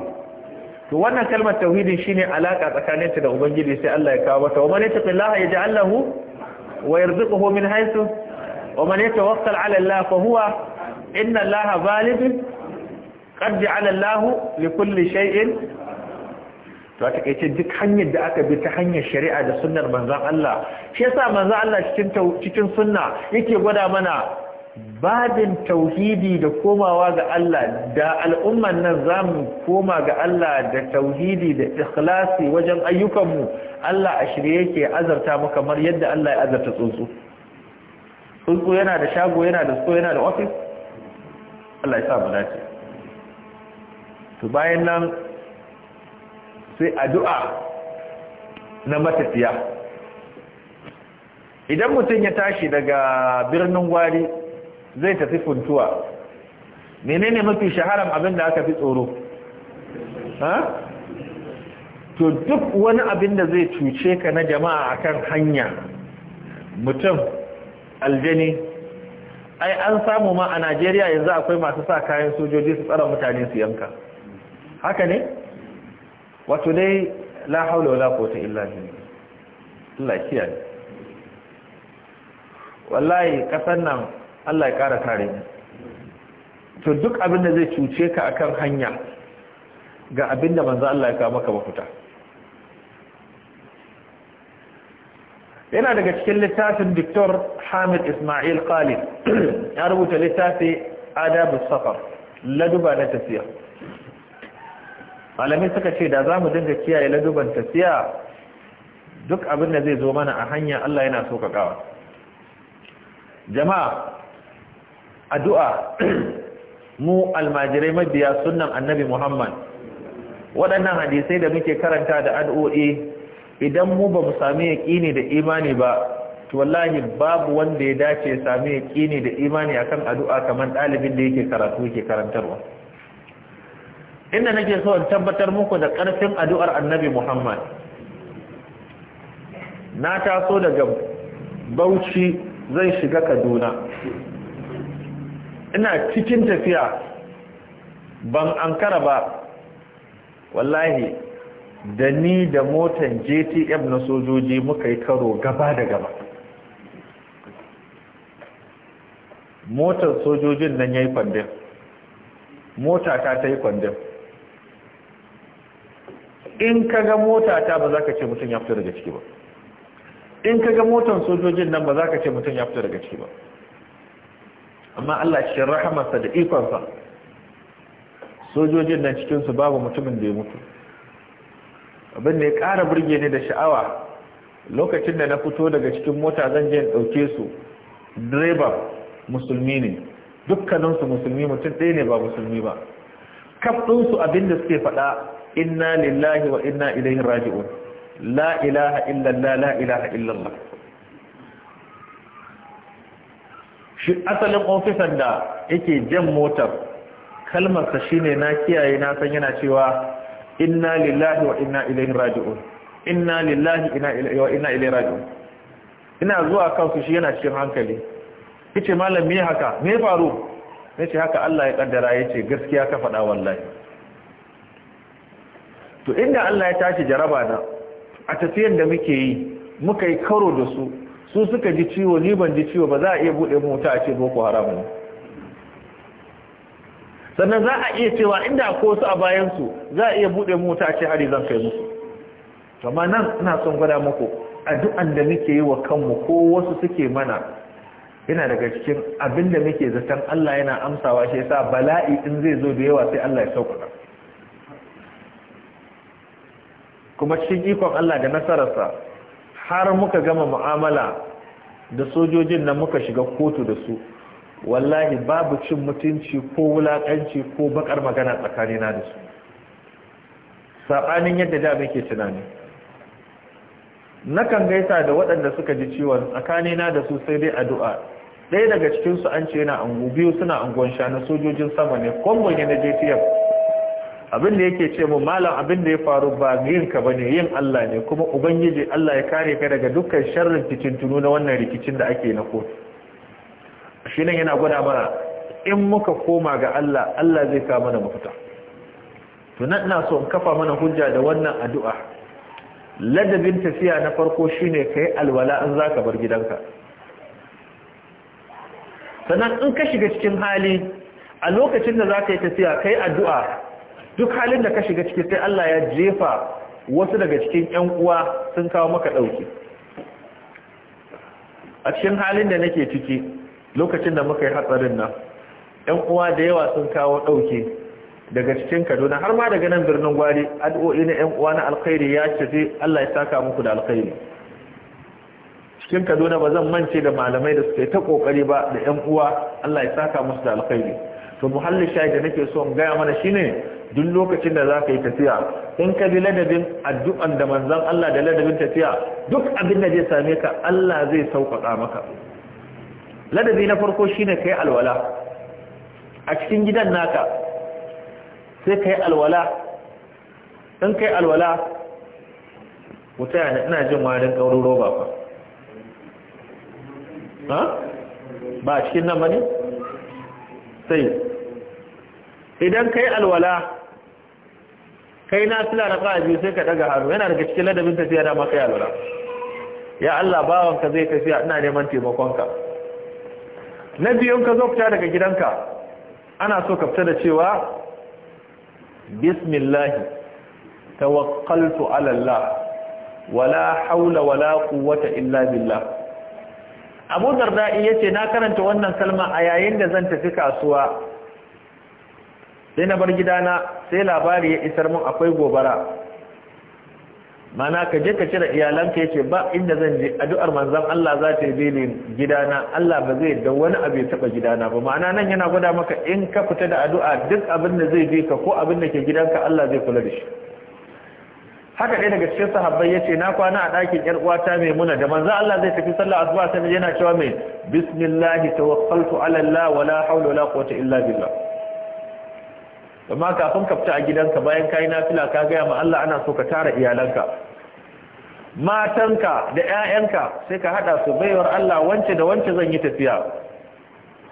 to wannan kalmar tauhidin shine alaka tsakaninta da ubangiji sai Allah ya kawo mata wa man yattaqillaha yaj'al lahu wa yarzuquhu min haythu wa man yatawakkal 'ala Allah fa huwa inna Allah baligh qad ja'ala Allah li kulli shay'in to ta kace duk hanyar da aka bi ta hanyar shari'a da sunnar manzon Allah shi yasa manzon Allah cikin cikin sunna yake gwada mana babin tauhidi da komawa ga Allah da al'umman nan za mu koma ga Allah da tauhidi da ikhlasi wajen ayyukanmu Allah a shirye yake azarta mu kamar yadda Allah ya azarta tsuntsu tsuntsu yana da shago yana da so yana da ofis Allah ya sa mu dace to bayan nan sai addu'a na matafiya idan mutum ya tashi daga birnin gwari zai tafi funtuwa menene mafi shaharan abin da aka fi tsoro ha to duk wani abin da zai cuce ka na jama'a akan hanya mutum aljani ai an samu ma a Najeriya yanzu akwai masu sa kayan sojoji su tsara mutane su yanka haka ne wato dai la haula wala quwwata illa billah Allah kiyaye wallahi kasan nan Allah ya ƙara kare mu to duk abin da zai cuce ka akan hanya ga abin da manzo Allah ya kawo maka mafuta yana daga cikin littafin Dr. Hamid Ismail Khalid ya rubuta littafi Adabus Safar laduba na tafiya malamai suka ce da zamu dinga kiyaye laduban tafiya duk abin da zai zo mana a hanya Allah yana so ka kawo jama'a addu'a mu almajirai mabiya sunnan annabi Muhammad waɗannan hadisai da muke karanta da addu'o'i idan mu ba mu sami yaƙini da imani ba to wallahi babu wanda ya dace sami yaƙini da imani akan addu'a kamar ɗalibin da yake karatu yake karantarwa inda nake so in tabbatar muku da ƙarfin addu'ar annabi Muhammad na taso daga Bauchi zai shiga Kaduna ina cikin tafiya ban ankara ba wallahi da ni da motan jtf na sojoji muka yi karo gaba da gaba motar sojojin nan ya yi kwandin mota ta ta yi kwandin in ka ga mota ta ba za ka ce mutum ya fito daga ciki ba in ka ga motan sojojin nan ba za ka ce mutum ya fito daga ciki ba amma Allah cikin rahamarsa da ikonsa sojojin nan cikinsu babu mutumin da ya mutu abin da ya kara burge ni da sha'awa lokacin da na fito daga cikin mota zan je ɗauke su direba musulmi ne dukkaninsu musulmi mutum ɗaya ne ba musulmi ba kafinsu abin da suke faɗa inna lillahi wa inna ilaihi raji'un la ilaha illallah la ilaha illallah shi asalin ofisan da yake jan motar kalmarsa shine na kiyaye na san yana cewa inna lillahi wa inna ilaihi raji'un inna lillahi wa inna ilaihi raji'un ina zuwa kansu shi yana cikin hankali kace malam me haka me faru ce haka Allah ya kaddara yace gaskiya ka faɗa wallahi to inda Allah ya tashi jaraba na a tafiyar da muke yi muka yi karo da su su suka ji ciwo ni ban ji ciwo ba za a iya bude mu wuta a ce boko haram ne sannan za a iya cewa inda ko su a bayan su za a iya bude mu wuta a ce hari zan kai musu amma nan ina son gwada muku addu'an da muke yi wa kanmu ko wasu suke mana yana daga cikin abinda da muke zaton Allah yana amsawa shi yasa bala'i in zai zo da yawa sai Allah ya sauƙaƙa kuma cikin ikon Allah da nasararsa har muka gama mu'amala da sojojin nan muka shiga kotu da su wallahi babu cin mutunci ko wulaƙanci ko bakar magana tsakanina da su saɓanin yadda da muke tunani nakan gaisa da waɗanda suka ji ciwon tsakanina da su sai dai addu'a ɗaya daga cikinsu an ce yana angu biyu suna angon na sojojin sama ne kwambo ne na jtf abin da yake ce mu malam abin da ya faru ba yin ka bane yin Allah ne kuma ubangiji Allah ya kare ka daga dukkan sharrin fitintunu na wannan rikicin da ake na kotu shi nan yana gwada mana in muka koma ga Allah Allah zai ka mana mafita to nan ina so in kafa mana hujja da wannan addu'a ladabin tafiya na farko shine kai alwala an zaka bar gidanka sannan in ka shiga cikin hali a lokacin da zaka yi tafiya kai addu'a duk halin da ka shiga ciki sai Allah ya jefa wasu daga cikin ƴan uwa sun kawo maka ɗauki a cikin halin da nake ciki lokacin da muka yi hatsarin nan ƴan uwa da yawa sun kawo ɗauki daga cikin Kaduna har ma daga nan birnin Gwari addu'o'i na ƴan uwa na alkhairi ya ce sai Allah ya saka muku da alkhairi cikin Kaduna ba zan mance da malamai da suka yi ta kokari ba da ƴan uwa Allah ya saka musu da alkhairi to muhallin shayi da nake so in gaya mana shine duk lokacin da za ka yi tafiya in ka bi ladabin addu'an da manzan Allah da ladabin tafiya duk abin da zai same ka Allah zai sauƙaƙa maka ladabi na farko shi ka kai alwala a cikin gidan naka sai kai alwala in kai alwala wuta yana ina jin warin ƙaurin roba ba. ha ba a cikin nan ba ne sai idan kai alwala kai na sila raka a biyu sai ka daga hannu yana daga cikin ladabin tafiya da maka ya lura ya Allah bawanka zai tafiya ina neman taimakonka na biyun ka zo fita daga gidanka ana so ka fita da cewa bismillahi tawakkaltu ala Allah wala haula wala quwwata illa billah Abu Darda yace na karanta wannan kalma a yayin da zan tafi kasuwa sai na bar gidana sai labari ya isar mun akwai gobara mana ka je ka cire iyalanka yace ba inda zan je addu'ar manzon Allah za ta yi ni gidana Allah ba zai da wani abu ya taba gidana ba Mana nan yana gwada maka in ka fita da addu'a duk abin da zai je ka ko abin da ke gidanka Allah zai kula da shi haka ɗaya daga cikin sahabbai yace na kwana a ɗakin 'yar uwata mai muna da manzon Allah zai tafi sallar asuba sai yana cewa mai bismillah tawakkaltu ala Allah wala hawla wala quwwata illa billah amma kafin ka fita a gidanka bayan kayi nafila ka gaya ma Allah ana so ka tara iyalanka matanka da ƴaƴanka sai ka hada su baiwar Allah wance da wance zan yi tafiya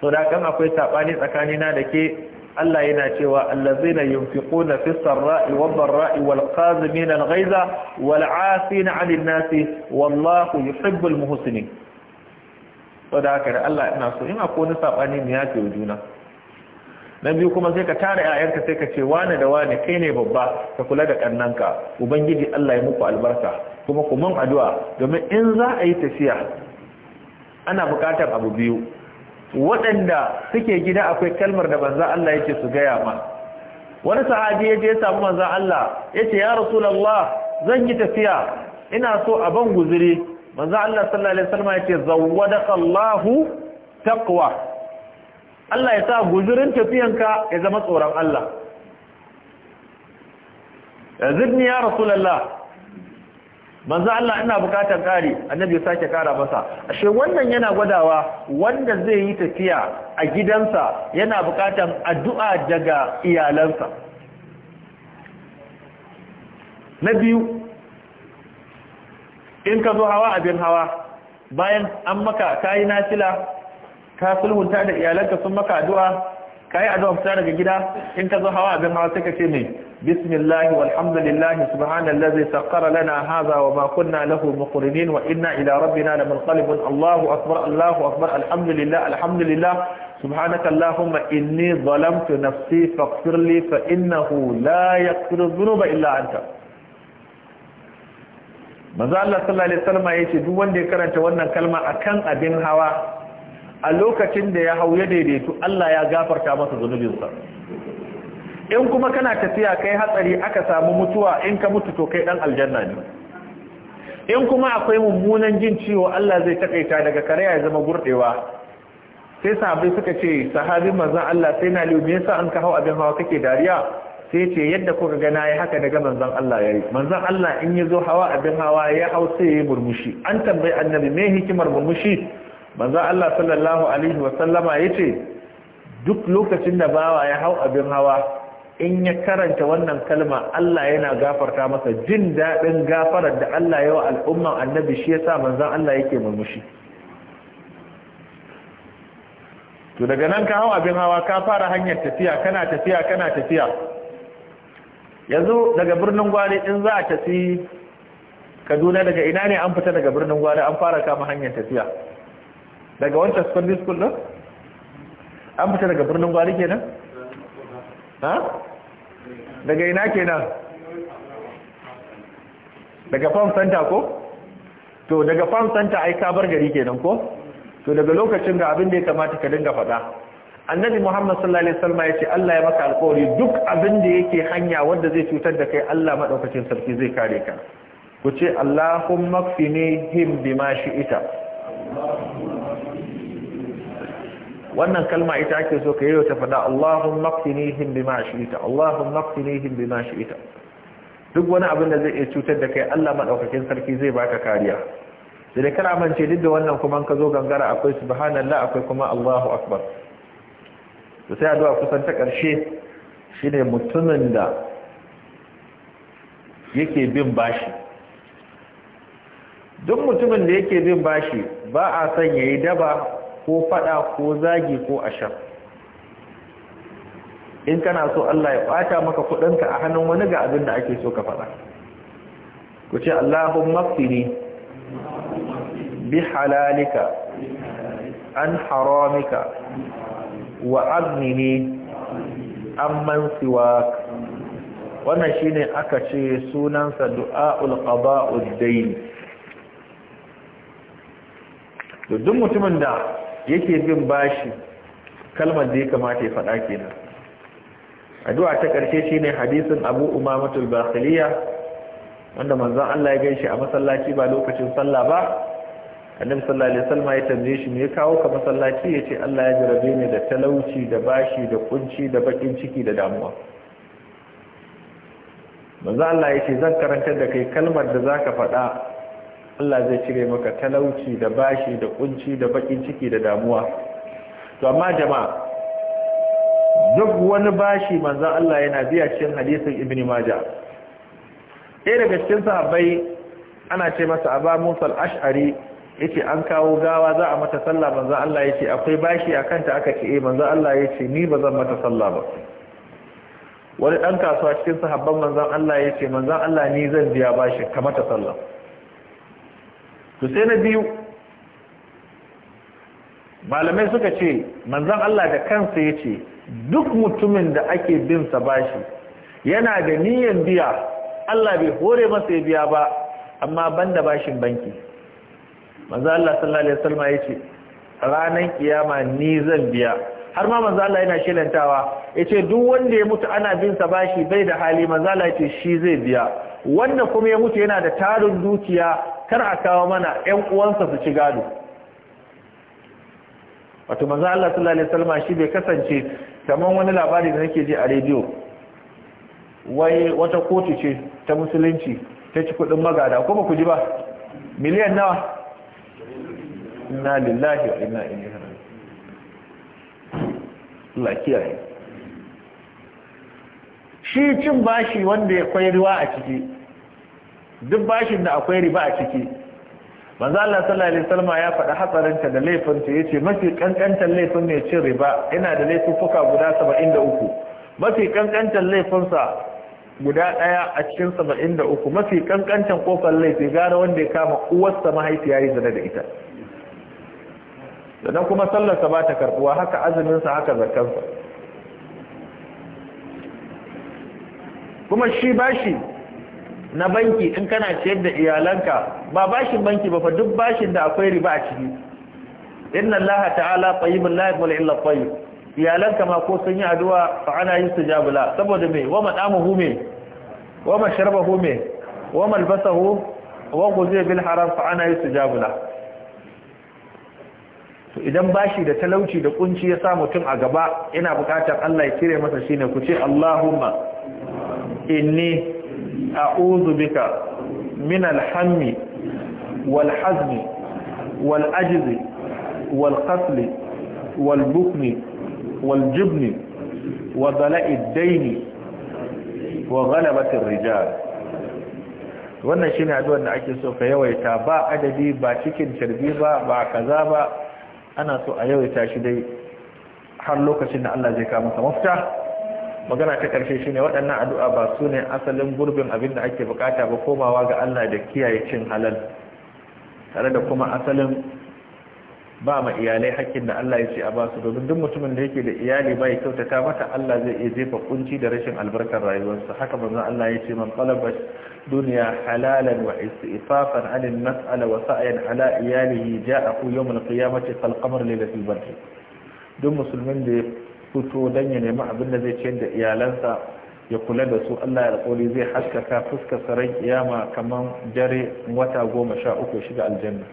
so da kan akwai sabani tsakanina da ke Allah yana cewa allazina yunfiquna fis sarra'i wad dharra'i wal qazimin al ghaiza wal 'afina 'anil nasi wallahu yuhibbul muhsinin so da haka Allah ina so in akwai sabani ne ya ce juna na biyu kuma sai ka tara ƴaƴanka sai ka ce wane da wane kai ne babba ka kula da kannanka ubangiji Allah ya muku albarka kuma ku mun addu'a domin in za a yi tafiya ana buƙatar abu biyu waɗanda suke gida akwai kalmar da banza Allah yake su gaya ma wani sahabi ya je ya samu manzon Allah ya ce ya rasulullah zan yi tafiya ina so a ban guzuri manzon Allah sallallahu alaihi wasallam ya ce Allahu taqwa Allah ya sa guzurin tafiyanka ya zama tsoron Allah zidni ya rasu rasulullah manzu Allah ina bukatar ƙari, annabi ya sake kara masa ashe wannan yana gwadawa wanda zai yi tafiya a gidansa yana bukatar addu'a daga iyalansa na biyu in ka zo hawa abin hawa bayan an maka kayi nasila ka sulhunta da iyalanka sun maka addu'a kai addu'a fita daga gida in ka zo hawa abin hawa sai ka ce mai bismillah walhamdulillah subhanallazi sakkara lana hadha wa ma kunna lahu muqrinin wa inna ila rabbina lamunqalibun Allahu akbar Allahu akbar alhamdulillah alhamdulillah subhanaka allahumma inni zalamtu nafsi faghfir li fa innahu la yaghfiru dhunuba illa anta manzo Allah sallallahu alaihi wasallam yace duk wanda ya karanta wannan kalma akan abin hawa a lokacin da ya hau ya daidaitu Allah ya gafarta masa zunubinsa in kuma kana tafiya kai hatsari aka samu mutuwa in ka mutu to kai dan aljanna ne in kuma akwai mummunan jin ciwo Allah zai takaita daga kare ya zama gurdewa sai sahabbai suka ce sahabin manzon Allah sai na liyo me yasa an ka hau abin hawa kake dariya sai ce yadda kuka ga nayi haka daga manzon Allah yayi manzon Allah in yazo hawa abin hawa ya hau sai ya murmushi an tambayi annabi me hikimar murmushi manzo Allah sallallahu alaihi wa sallama yace duk lokacin da bawa ya hau abin hawa in ya karanta wannan kalma Allah yana gafarta masa jin daɗin gafarar da Allah wa al'umman annabi shi yasa manzo Allah yake murmushi to daga nan ka hau abin hawa ka fara hanyar tafiya kana tafiya kana tafiya yanzu daga birnin gwari in za a tafi Kaduna daga ina ne an fita daga birnin gwari an fara kama hanyar tafiya daga wancan sunday school din an fita daga birnin gwari kenan ha daga ina kenan daga farm center ko to daga farm center ai ka bar gari kenan ko to daga lokacin ga abin da ya kamata ka dinga faɗa annabi muhammad sallallahu alaihi wasallam ya ce Allah ya maka alƙawari duk abin da yake hanya wanda zai cutar da kai Allah madaukakin sarki zai kare ka ku ce Allahumma kfini him bima shi'ita wannan kalma ita ake so ka yi ta fada Allahun qtinihim bima shi'ta Allahumma ma bima ita. duk wani abin da zai iya cutar da kai Allah maɗaukakin sarki zai baka kariya sai kar amince duk da wannan kuma ka zo gangara akwai subhanallah akwai kuma Allahu akbar to sai addu'a kusan ta karshe shine mutumin da yake bin bashi duk mutumin da yake bin bashi ba a son yayi daba ko fada ko zagi ko ashar in kana so Allah ya bata maka kudinka a hannun wani ga abin da ake so ka fada ku ce Allahumma fini bi halalika an haramika wa agnini amman siwak wannan shine aka ce sunansa du'aul qada'ud dayn to duk mutumin da yake bin bashi kalmar da ya kamata ya faɗa kenan addu'a ta ƙarshe shine hadisin Abu Umamatul Bakhiliya wanda manzon Allah ya gaishe a masallaci ba lokacin sallah ba annabi sallallahu alaihi wasallam ya tambaye shi me kawo ka masallaci yace Allah ya jarabe ni da talauci da bashi da kunci da bakin ciki da damuwa manzon Allah yace zan karantar da kai kalmar da zaka faɗa Allah zai cire maka talauci da bashi da kunci da bakin ciki da damuwa to amma jama'a duk wani bashi manzon Allah yana biya cikin hadisin Ibn Majah ɗaya daga cikin sahabbai ana ce masa Aba Musa al-Ash'ari yace an kawo gawa za a mata sallah manzon Allah yace akwai bashi akan ta aka ce eh manzon Allah yace ni ba zan mata sallah ba wani dan kasuwa cikin sahabban manzon Allah yace manzon Allah ni zan biya bashi ka mata sallah to sai na biyu malamai suka ce manzon Allah da kansa ya ce duk mutumin da ake bin sa bashi yana da niyan biya Allah bai hore masa ya biya ba amma banda bashin banki manzo Allah sallallahu alaihi wasallam ce, ranan kiyama ni zan biya har ma manzo Allah yana shelantawa ce duk wanda ya mutu ana bin sa bashi bai da hali manzo Allah ya ce shi zai biya wanda kuma ya mutu yana da tarin dukiya kar a kawo mana ƴan uwansa su ci gado wato manzo Allah sallallahu alaihi wasallam shi bai kasance kamar wani labari da nake ji a rediyo wai wata kotu ce ta musulunci ta ci kudin magada ko ba ku ji ba miliyan nawa inna lillahi wa inna ilaihi raji'un Allah kiyaye shi cin bashi wanda ya kwai ruwa a ciki duk bashin da akwai riba a ciki manzo Allah sallallahu alaihi wasallam ya faɗa ta da laifin ta yace mafi kankantan laifin ne cin riba yana da laifuffuka guda 73 mafi laifin sa guda daya a cikin 73 mafi kankantan kofar laifi gara wanda ya kama uwar sa mahaifiya yi zina da ita sannan kuma sallarsa ba ta karbuwa haka azumin sa haka sa kuma shi bashi na banki in kana ciyar da iyalanka ba bashin banki ba fa duk bashin da akwai riba a ciki inna allaha ta'ala tayyibul lahi yuhibbu illa tayyib iyalanka ma ko sun yi addu'a fa ana yustajabu la saboda me wa madamuhu me wa hu me wa malbasahu wa ghuzay bil haram fa ana yustajabu la to idan bashi da talauci da kunci ya sa mutum a gaba ina bukatar Allah ya kire masa shine ku ce Allahumma inni A uzubika min alhammi wal hazmi wal ajzi wal qatli wal bukni wal jibni wa dala'i wa wannan shine addu'ar da ake so ka yawaita ba adadi ba cikin carbi ba ba kaza ba ana so a yawaita shi dai har lokacin da Allah zai kawo masa mafita magana ta ƙarshe shine waɗannan addu'a ba su ne asalin gurbin abin da ake bukata ba komawa ga Allah da kiyaye cin halal tare da kuma asalin ba ma iyalai hakkin da Allah ya ce a ba su domin duk mutumin da yake da iyali bai kyautata mata Allah zai iya jefa kunci da rashin albarkar rayuwarsa haka manzo Allah ya ce man qalaba dunya halalan wa istifafan an al-mas'ala wa sa'yan ala iyalihi ja'a yawm al-qiyamati fal qamar lil duk musulmin da fito don ya nemi abin da zai ciyar da iyalansa ya kula da su Allah ya alƙoli zai haskaka fuskar sarai kiyama kamar dare wata goma sha uku shiga aljanna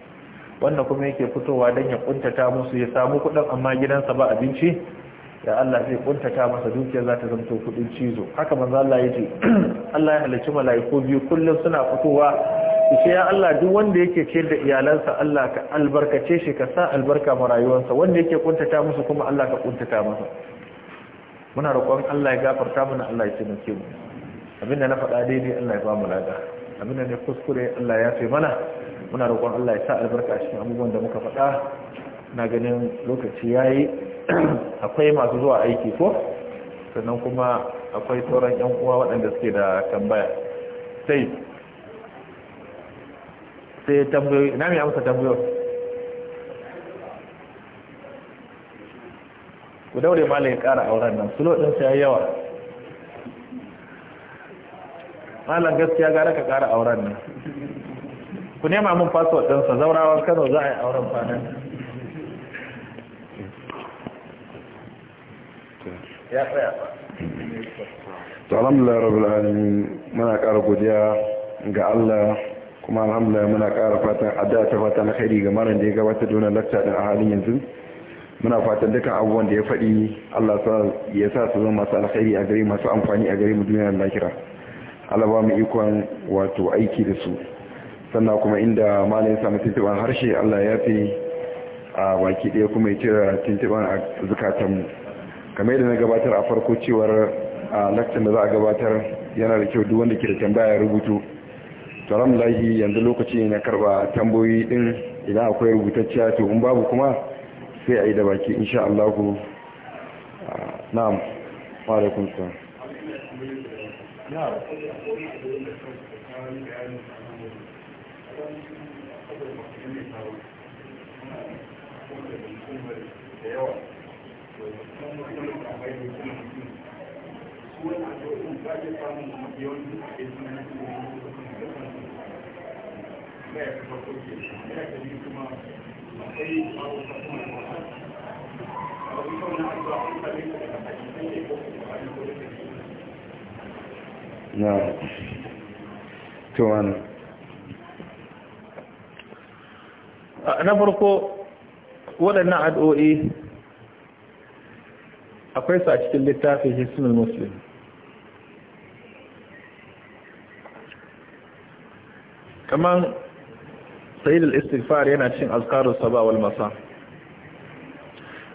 wannan kuma yake fitowa don ya kuntata musu ya samu kuɗin amma gidansa ba abinci ya Allah zai kuntata masa dukiya za ta zanto kuɗin cizo haka manzo Allah ya ce Allah ya halicci mala'iku biyu kullum suna fitowa ishe ya Allah duk wanda yake ciyar da iyalansa Allah ka albarkace shi ka sa albarka ma rayuwarsa wanda yake kuntata musu kuma Allah ka kuntata masa muna roƙon Allah ya gafarta mana Allah ya taimake mu abinda na faɗa daidai Allah ya ba mu lada abinda ne kuskure Allah ya fi mana muna roƙon Allah ya sa albarka a cikin abubuwan da muka faɗa na ganin lokaci yayi akwai masu zuwa aiki ko sannan kuma akwai sauran yan uwa waɗanda suke da tambaya sai sai tambayoyi ina mai amsa tambayoyi ku daure malam ya kara auren nan sulo ɗinsa ya yawa malam gaskiya gara ka kara auren nan ku nema mun fasfot ɗinsa zaurawan kano za a yi auren kwanan ya tsaya to alhamdulillah rabbil alamin muna ƙara godiya ga Allah kuma alhamdulillah muna ƙara fatan addu'a ta fata na ga maran da ya gabatar da wannan lacca din a halin yanzu muna fatan dukkan abubuwan da ya faɗi Allah ya sa su zama masu alkhairi a gare masu amfani a gare mu duniyar lakira Allah ba mu ikon wato aiki da su sannan kuma inda malamin samu tuntuban harshe Allah ya fi a baki ɗaya kuma ya cira tuntuban a mu kamar da na gabatar a farko cewar a lakcin da za a gabatar yana da kyau duk wanda ke da tambaya rubutu salam lahi yanzu lokaci ne na karba tamboyi din idan akwai rubutacciya to in babu kuma sai a yi da baki insha Allah ku na'am wa alaikum salam Thank na farko waɗannan addu'o'i akwai su a cikin littafin hisnul muslim kamar sayil al-istighfar yana cin azkarus sabah wal masa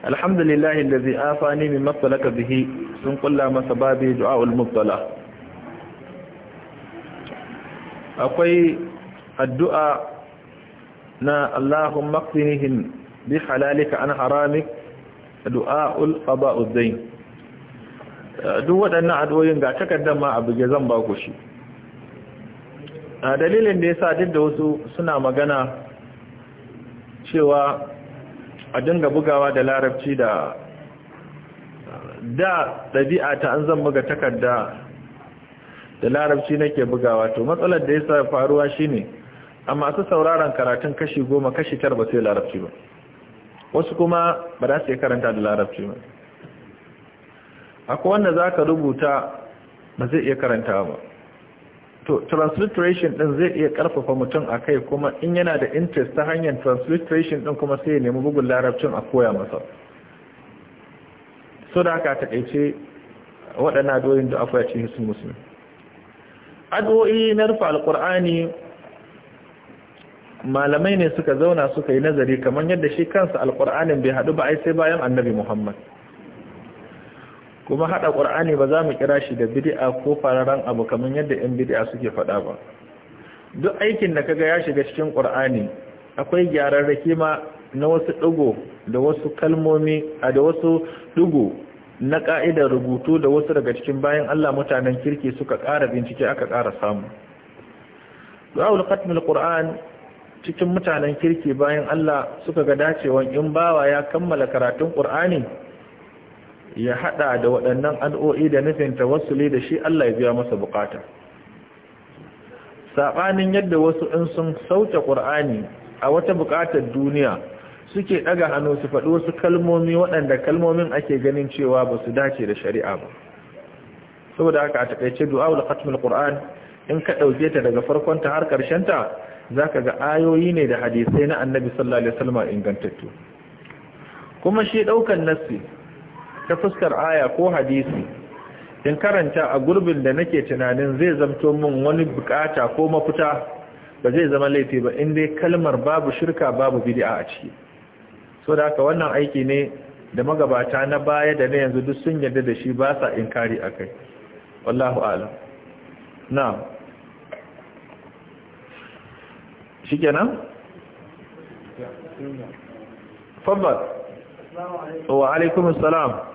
alhamdulillah allazi afani min matalaka bihi sun kulla masa babu du'a ul mubtala akwai addu'a na allahumma qinihim bi halalika an haramik du'a ul qada'uddin duk waɗannan addu'oyin ga ma abu ge zan ba ku shi a dalilin da ya sa duk da wasu suna magana cewa a dinga bugawa da larabci da da ɗabi'a ta an zan buga takarda da larabci nake bugawa to matsalar da ya sa faruwa shine a masu sauraron karatun kashi goma kashi tar ba sai larabci ba wasu kuma ba za su yi karanta da larabci ba akwai wanda za ka rubuta ba zai iya karanta ba to transliteration din zai iya karfafa mutum a kai kuma in yana da interest ta hanyar transliteration din kuma sai ya nemi bugun larabcin a koya masa so da haka takaice waɗanda addu'o'in da afuwa cikin sun musulmi addu'o'i na rufe alƙur'ani malamai ne suka zauna suka yi nazari kamar yadda shi kansa alƙur'anin bai haɗu ba ai sai bayan annabi muhammad kuma hada qur'ani ba za mu kira shi da bid'a ko fararan abu kamar yadda yan bid'a suke faɗa ba duk aikin da kaga ya shiga cikin qur'ani akwai gyaran ma na wasu dugo da wasu kalmomi a da wasu dugo na ka'idar rubutu da wasu daga cikin bayan Allah mutanen kirki suka ƙara bincike aka ƙara samu du'aul khatmul qur'an cikin mutanen kirki bayan Allah suka ga dacewa in bawa ya kammala karatun qur'ani ya hada da waɗannan al'o'i da nufin tawassuli da shi Allah ya biya masa bukata Saɓanin yadda wasu in sun sauta Qur'ani a wata bukatar duniya suke ɗaga hannu su faɗi wasu kalmomi waɗanda kalmomin ake ganin cewa ba su dace da shari'a ba saboda haka a du'a du'aul khatmul Qur'an in ka dauke ta daga farkon har karshen ta zaka ga ayoyi ne da hadisai na Annabi sallallahu alaihi wasallam ingantattu kuma shi ɗaukan nassi ta fuskar aya ko hadisi in karanta a gurbin da nake tunanin zai zamto min wani bukata ko mafuta ba zai zama laifi ba in dai kalmar babu shirka babu bid'a a ciki so da haka wannan aiki ne da magabata na baya da na yanzu duk sun yarda da shi ba sa inkari akai wallahu a'lam na'am shikenan wa alaikumus salam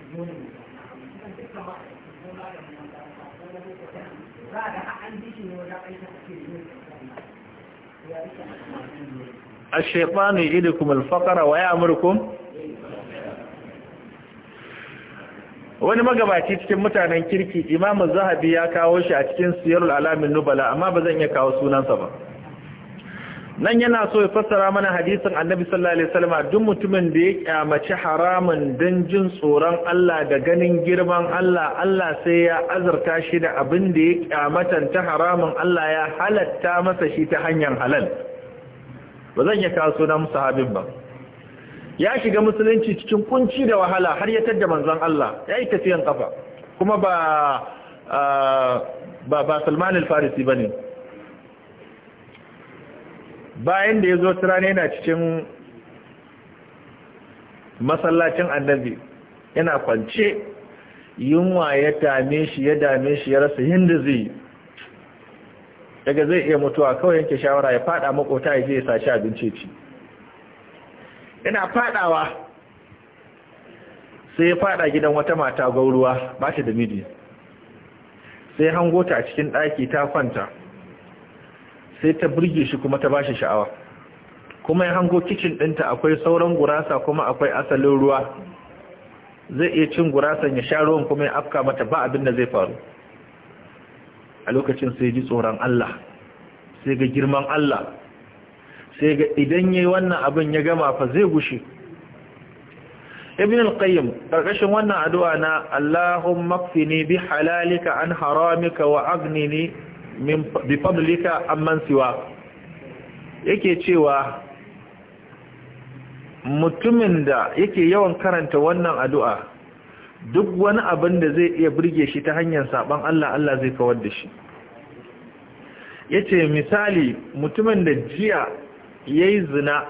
الشيطان يجدكم الفقر ويأمركم wani magabaci cikin mutanen kirki imamu zahabi ya kawo shi a cikin siyarul alamin nubala amma ba zan iya kawo sunansa ba nan yana so ya fassara mana hadisin annabi sallallahu alaihi wasallam duk mutumin da ya kyamaci haramun dan jin tsoron Allah da ganin girman Allah Allah sai ya azurta shi da abin da ya kyamatan ta haramun Allah ya halatta masa shi ta hanyar halal ba zan ya kaso na musahabin ba ya shiga musulunci cikin kunci da wahala har ya tadda manzon Allah ya yi tafiyan kafa kuma ba ah, ba ba Salman al-Farisi bane bayan da ya zo turane yana cikin masallacin annabi yana kwance yunwa ya dame shi ya dame shi ya rasa Hindu zai daga zai iya mutuwa kawai yanke shawara ya fada makota ya je ya sashi abinci ci yana fadawa sai ya fada gidan wata mata gauruwa ba ta da miji sai hangota cikin ɗaki ta kwanta sai ta burge shi kuma ta ba shi sha'awa kuma ya hango kicin ɗinta akwai sauran gurasa kuma akwai asalin ruwa zai iya cin gurasan ya sha ruwan kuma ya afka mata ba abin da zai faru a lokacin sai ji tsoron Allah sai ga girman Allah sai ga idan yayi wannan abin ya gama fa zai gushi ibn al-qayyim karkashin wannan addu'a na Allahumma kfini bi halalika an haramika wa agnini bi fadlika amman siwa yake cewa mutumin da yake yawan karanta wannan addu'a duk wani abin da zai iya burge shi ta hanyar saban Allah Allah zai kawar da shi yace misali mutumin da jiya yayi zina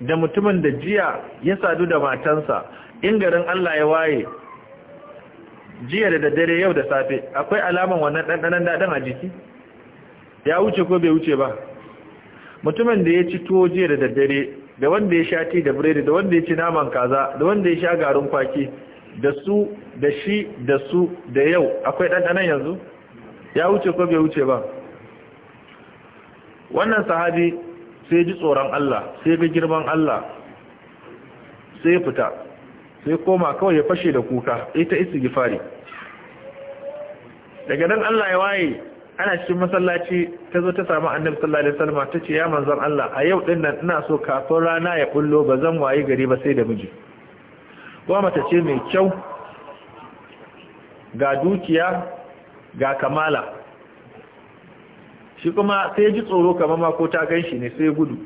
da mutumin da jiya ya sadu da matansa in garin Allah ya waye jiya da daddare yau da safe akwai alaman wannan ɗanɗanon daɗin a jiki ya wuce ko bai wuce ba mutumin da ya ci tuwo jiya da daddare da wanda ya sha ti da biredi da wanda ya ci naman kaza da wanda ya sha garin kwaki da su da shi da su da yau akwai ɗanɗanan yanzu ya wuce ko bai wuce ba wannan sahabi sai ji tsoron Allah sai ga girman Allah sai fita sai koma kawai ya fashe da kuka ita isi gifari daga nan Allah ya waye ana cikin masallaci ta zo ta samu annabi sallallahu alaihi wasallam ta ce ya manzon Allah a yau din nan ina so kafin rana ya bullo ba zan wayi gari ba sai da miji Kuma mata ce mai kyau ga dukiya ga kamala shi kuma sai ji tsoro kamar ma ko ta ganshi ne sai gudu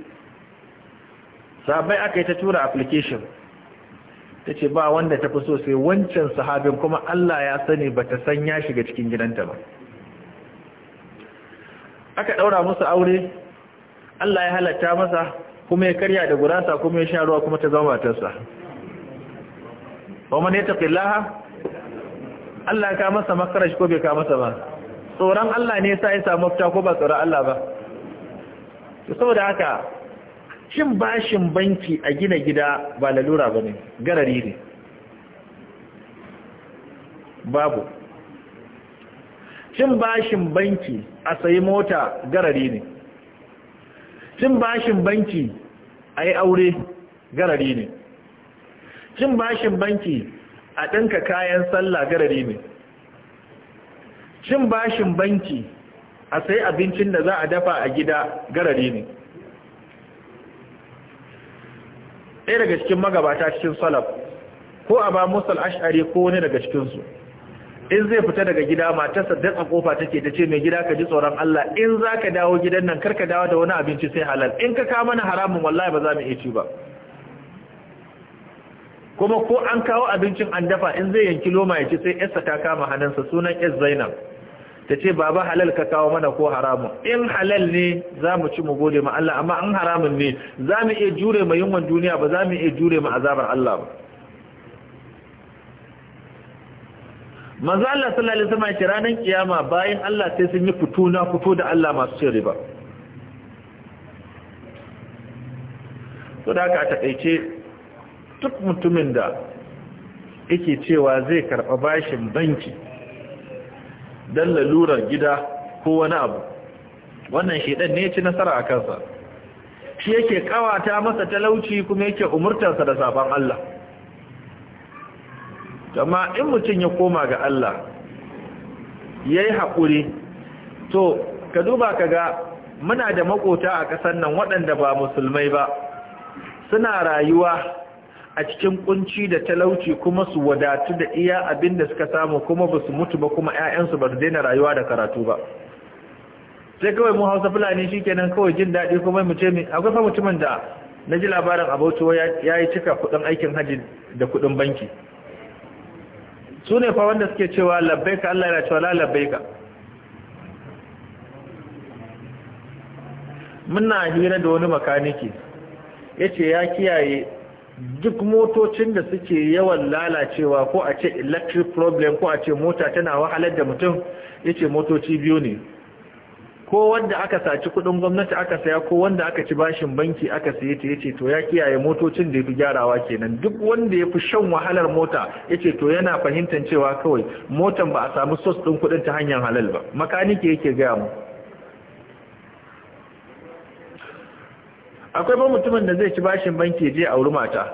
sabai aka yi ta tura application ta ce ba wanda ta fi so sai wancan sahabin kuma Allah ya sani bata san ya shiga cikin gidanta ba aka ɗaura musu aure Allah ya halatta masa kuma ya karya da gurasa kuma ya sha ruwa kuma ta zama matarsa wa ta fillaha Allah ka masa makaraj ko bai ka masa ba tsoron Allah ne sa ya samu fita ko ba tsoron Allah ba to saboda haka cin bashin banki a gina gida ba lalura ne garari ne babu cin bashin banki a sayi mota garari ne cin bashin banki a yi aure garari ne cin bashin banki a ɗinka kayan sallah garari ne cin bashin banki a sayi abincin da za a dafa a gida garari ne ɗaya daga cikin magabata cikin salaf ko a ba musul ash'ari ko wani daga cikinsu in zai fita daga gida matarsa a kofa take ta ce mai gida ka ji tsoron Allah in za ka dawo gidan nan karka dawo da wani abinci sai halal in ka kawo mana haramun wallahi ba za mu iya ci ba kuma ko an kawo abincin an dafa in zai yanki loma ya ci sai yarsa ta kama hannunsa sunan yar zainab ta ce baba halal ka kawo mana ko haramun in halal ne za mu ci mu gode ma Allah amma in haramun ne za mu iya jure ma yunwan duniya ba za mu iya jure ma azabar Allah ba manzo Allah sallallahu alaihi wasallam ranar kiyama bayan Allah sai sun yi fito fito da Allah masu cin riba to da aka taƙaice duk mutumin da yake cewa zai karɓa bashin banki dan lalurar gida ko wani abu wannan shedan ne ya ci nasara a kansa shi yake kawata masa talauci kuma yake umurtarsa da sabon Allah amma in mutum ya koma ga Allah ya yi haƙuri to ka duba ka ga muna da makota a ƙasar nan waɗanda ba musulmai ba suna rayuwa a cikin ƙunci da talauci kuma su wadatu da iya abin da suka samu kuma ba su mutu ba kuma 'ya'yansu ba su daina rayuwa da karatu ba sai kawai mu hausa fulani shi kenan kawai jin daɗi kuma mu ce akwai fa mutumin da na ji labarin abautuwa ya yi cika kudin aikin hajji da kuɗin banki su ne fa wanda suke cewa ka Allah yana cewa labbai ka muna hira da wani makaniki yace ya kiyaye duk motocin da suke yawan lalacewa ko a ce electric problem ko a ce mota tana wahalar da mutum yace motoci biyu ne ko wanda aka saci kudin gwamnati aka saya ko wanda aka ci bashin banki aka saye ta yace to ya kiyaye motocin da yafi gyarawa kenan duk wanda yafi shan wahalar mota yace to yana fahimtar cewa kawai motan ba a samu source din kudin ta hanyar halal ba makanike yake ga mu akwai ba mutumin da zai ci bashin banki je auri mata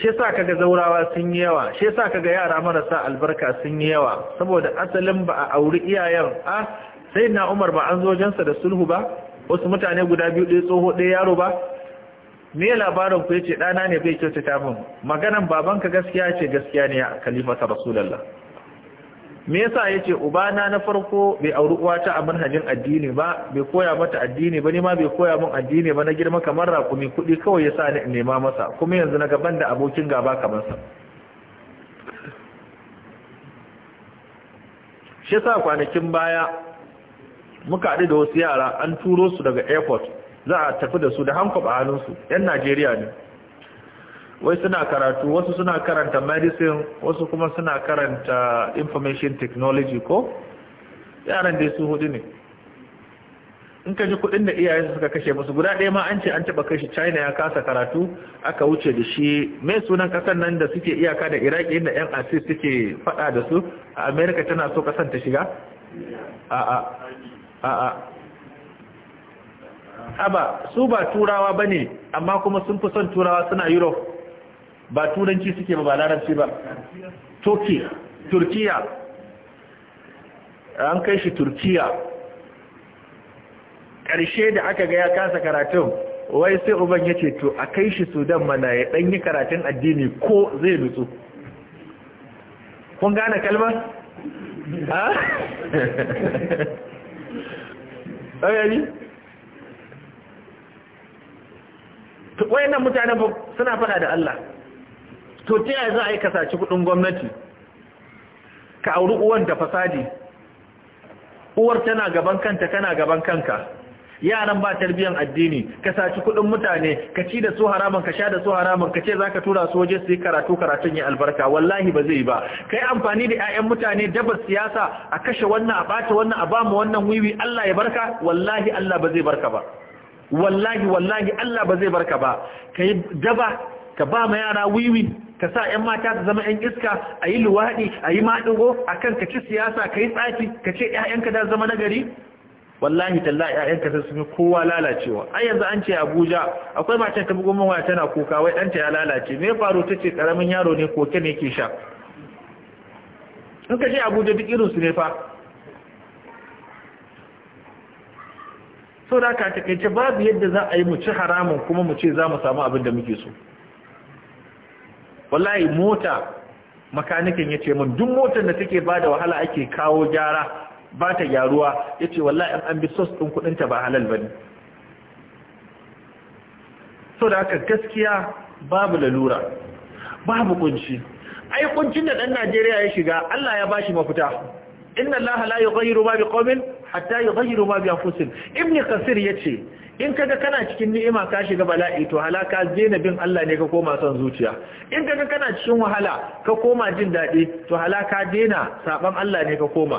shi sa kaga zaurawa sun yi yawa shi sa kaga yara marasa albarka sun yi yawa saboda asalin ba a auri iyayen a sai na umar ba an zo jansa da sulhu ba wasu mutane guda biyu ɗaya tsoho ɗaya yaro ba me labarin ku yace ɗana ne bai kyautata min maganan babanka gaskiya ce gaskiya ne ya kalifata rasulullah me yasa yace ubana na farko bai auri uwata a manhajin addini ba bai koya mata addini ba ni ma bai koya min addini ba na girma kamar raƙumi kuɗi kawai yasa ni nema masa kuma yanzu na gaban da abokin gaba kamar sa shi yasa kwanakin baya muka haɗu da wasu yara an turo su daga airport za a tafi da su da hankop a su 'yan najeriya ne wai suna karatu wasu suna karanta medicine wasu kuma suna karanta information technology ko yaran dai su hudu ne in ka ji kudin da iyayen suka kashe musu guda ɗaya ma an ce an taɓa kashi china ya kasa karatu aka wuce da shi mai sunan ƙasar nan da suke iyaka da iraki inda yan asis suke faɗa da su a america tana so ƙasar ta shiga a'a a'a su ba turawa bane amma kuma sun fi son turawa suna europe ba turanci suke ba ba larabci ba turkiya turkiya an kai shi turkiya ƙarshe da aka ga ya kasa karatun wai sai uban ya ce to a kai shi sudan mana ya ɗanyi karatun addini ko zai nutsu kun gane kalmar? ha? ɗayari? wayannan mutane suna fada da Allah to ta yaya za a yi kasaci kudin gwamnati ka auri uwan da fasadi uwar tana gaban kanta kana gaban kanka yaran ba tarbiyan addini ka saci kudin mutane ka ci da su haraman ka sha da su haraman ka ce zaka tura su waje su yi karatu karatun ya albarka wallahi ba zai ba kai amfani da 'ya'yan mutane daba siyasa a kashe wannan a bata wannan a ba mu wannan wiwi Allah ya barka wallahi Allah ba zai barka ba wallahi wallahi Allah ba zai barka ba kai daba ka ba ma yara wiwi ka sa 'yan mata su zama 'yan iska a yi luwaɗi a yi maɗigo a kan ka ci siyasa ka yi tsafi ka ce 'ya'yanka da zama nagari wallahi talla 'ya'yanka sai sun kowa lalacewa ai yanzu an ce abuja akwai matan ta bugun mawa tana kuka wai ɗanta ya lalace me faru ta ce ƙaramin yaro ne koke ne ke sha in ka abuja duk irinsu ne fa sau da ka takaice babu yadda za a yi mu ci haramun kuma mu ce za mu samu abin da muke so wallahi mota makanikin ya ce mun duk motar da take ba da wahala ake kawo gyara ba ta gyaruwa ya ce wallahi an bi sos ɗin ta ba halal bane so da haka gaskiya babu lalura babu kunci ai kuncin da ɗan najeriya ya shiga allah ya bashi mafita inna allaha la yughayyiru ma biqawmin hatta yughayyiru ma bi anfusihim ibn kasir yace in kaga kana cikin ni'ima ka shiga bala'i to halaka daina bin Allah ne ka koma son zuciya in kaga kana cikin wahala ka koma jin daɗi to halaka daina saban Allah ne ka koma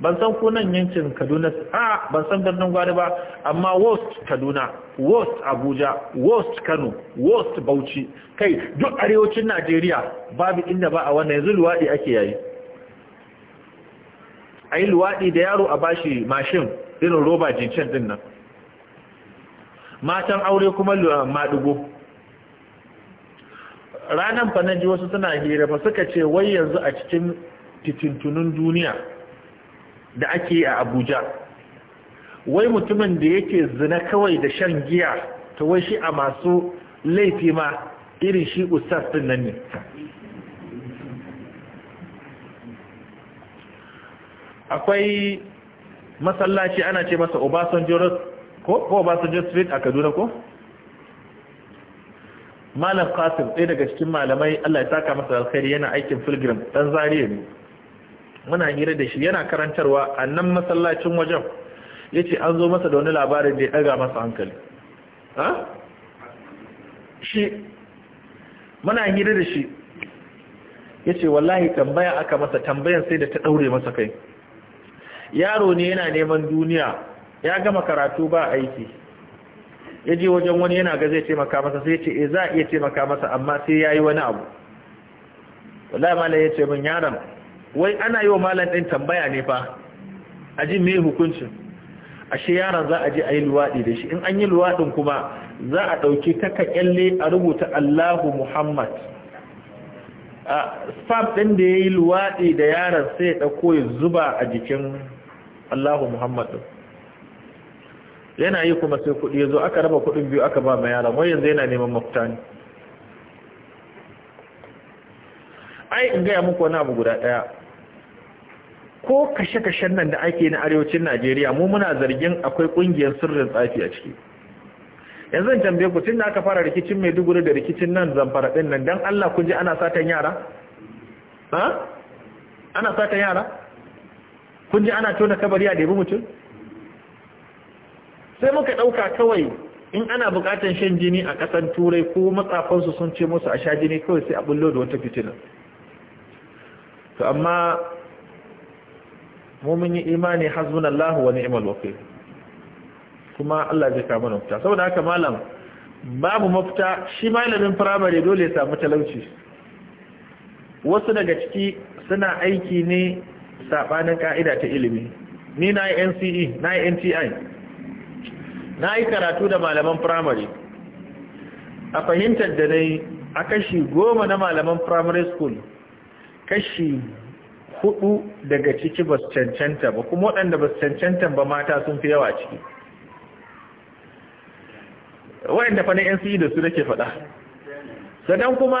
ban san ko nan yankin Kaduna a ban san birnin Gwari ba amma West Kaduna West Abuja West Kano West Bauchi kai duk arewacin Najeriya babu inda ba a wannan yanzu luwadi ake yayi ayi luwadi da yaro a bashi mashin irin roba jincin din nan matan aure kuma eh, maɗigo ranar fa na wasu suna hira fa suka ce wai yanzu a cikin titintunun duniya da ake a abuja wai mutumin da yake zina kawai da shan giya ta wai shi a masu laifi ma irin shi ustaz din nan ne akwai masallaci ana ce masa obasanjo ko ko ba su just street a Kaduna ko Malam Qasim ɗaya daga cikin malamai Allah ya saka masa alkhairi yana aikin pilgrim dan zariya ne muna hira da shi yana karantarwa a nan masallacin wajen yace an zo masa da wani labarin da ya daga masa hankali ha shi muna hira da shi yace wallahi tambaya aka masa tambayan sai da ta daure masa kai yaro ne yana neman duniya ya gama karatu ba aiki ya je wajen wani yana ga zai taimaka masa sai ce eh, za a iya taimaka masa amma sai ya yi wani abu wallahi malam ya ce min yaron wai ana yi wa malam ɗin tambaya ne fa a ji mai hukuncin ashe yaron za a je a yi luwaɗi da shi in an yi luwaɗin kuma za a ɗauki taka kyalle a rubuta Allahu Muhammad a spam ɗin da ya yi luwaɗi da yaron sai ya ɗauko ya zuba a jikin Allahu Muhammad ɗin yana yi kuma sai kuɗi ya zo aka raba kuɗin biyu aka ba ma yara, wai yanzu yana neman mafita ne ai in gaya muku wani abu guda ɗaya ko kashe-kashen nan da ake na arewacin najeriya mu muna zargin akwai ƙungiyar sirrin tsafi a ciki yanzu in tambaye ku tun da aka fara rikicin maiduguri da rikicin nan zamfara ɗin nan don allah kun ji ana satan yara ana satan yara kun ji ana tona kabari a ɗebi mutum sai muka ɗauka kawai in ana buƙatar shan jini a ƙasar turai ko matsafansu sun ce musu a sha jini kawai sai a bullo da wata fitina to amma mu mun yi imani hasbunallahu wa ni'mal wakil kuma Allah zai kama mafita saboda haka malam babu mafita shi malamin firamare dole ya samu talauci wasu daga ciki suna aiki ne sabanin ka'ida ta ilimi ni na yi NCE na yi NTI na yi karatu da malaman firamare a fahimtar da na yi a kashi goma na malaman firamare school kashi hudu daga ciki ba su cancanta ba kuma waɗanda ba su cancanta ba mata sun fi yawa ciki waɗanda fa na yan e da su nake faɗa sadan kuma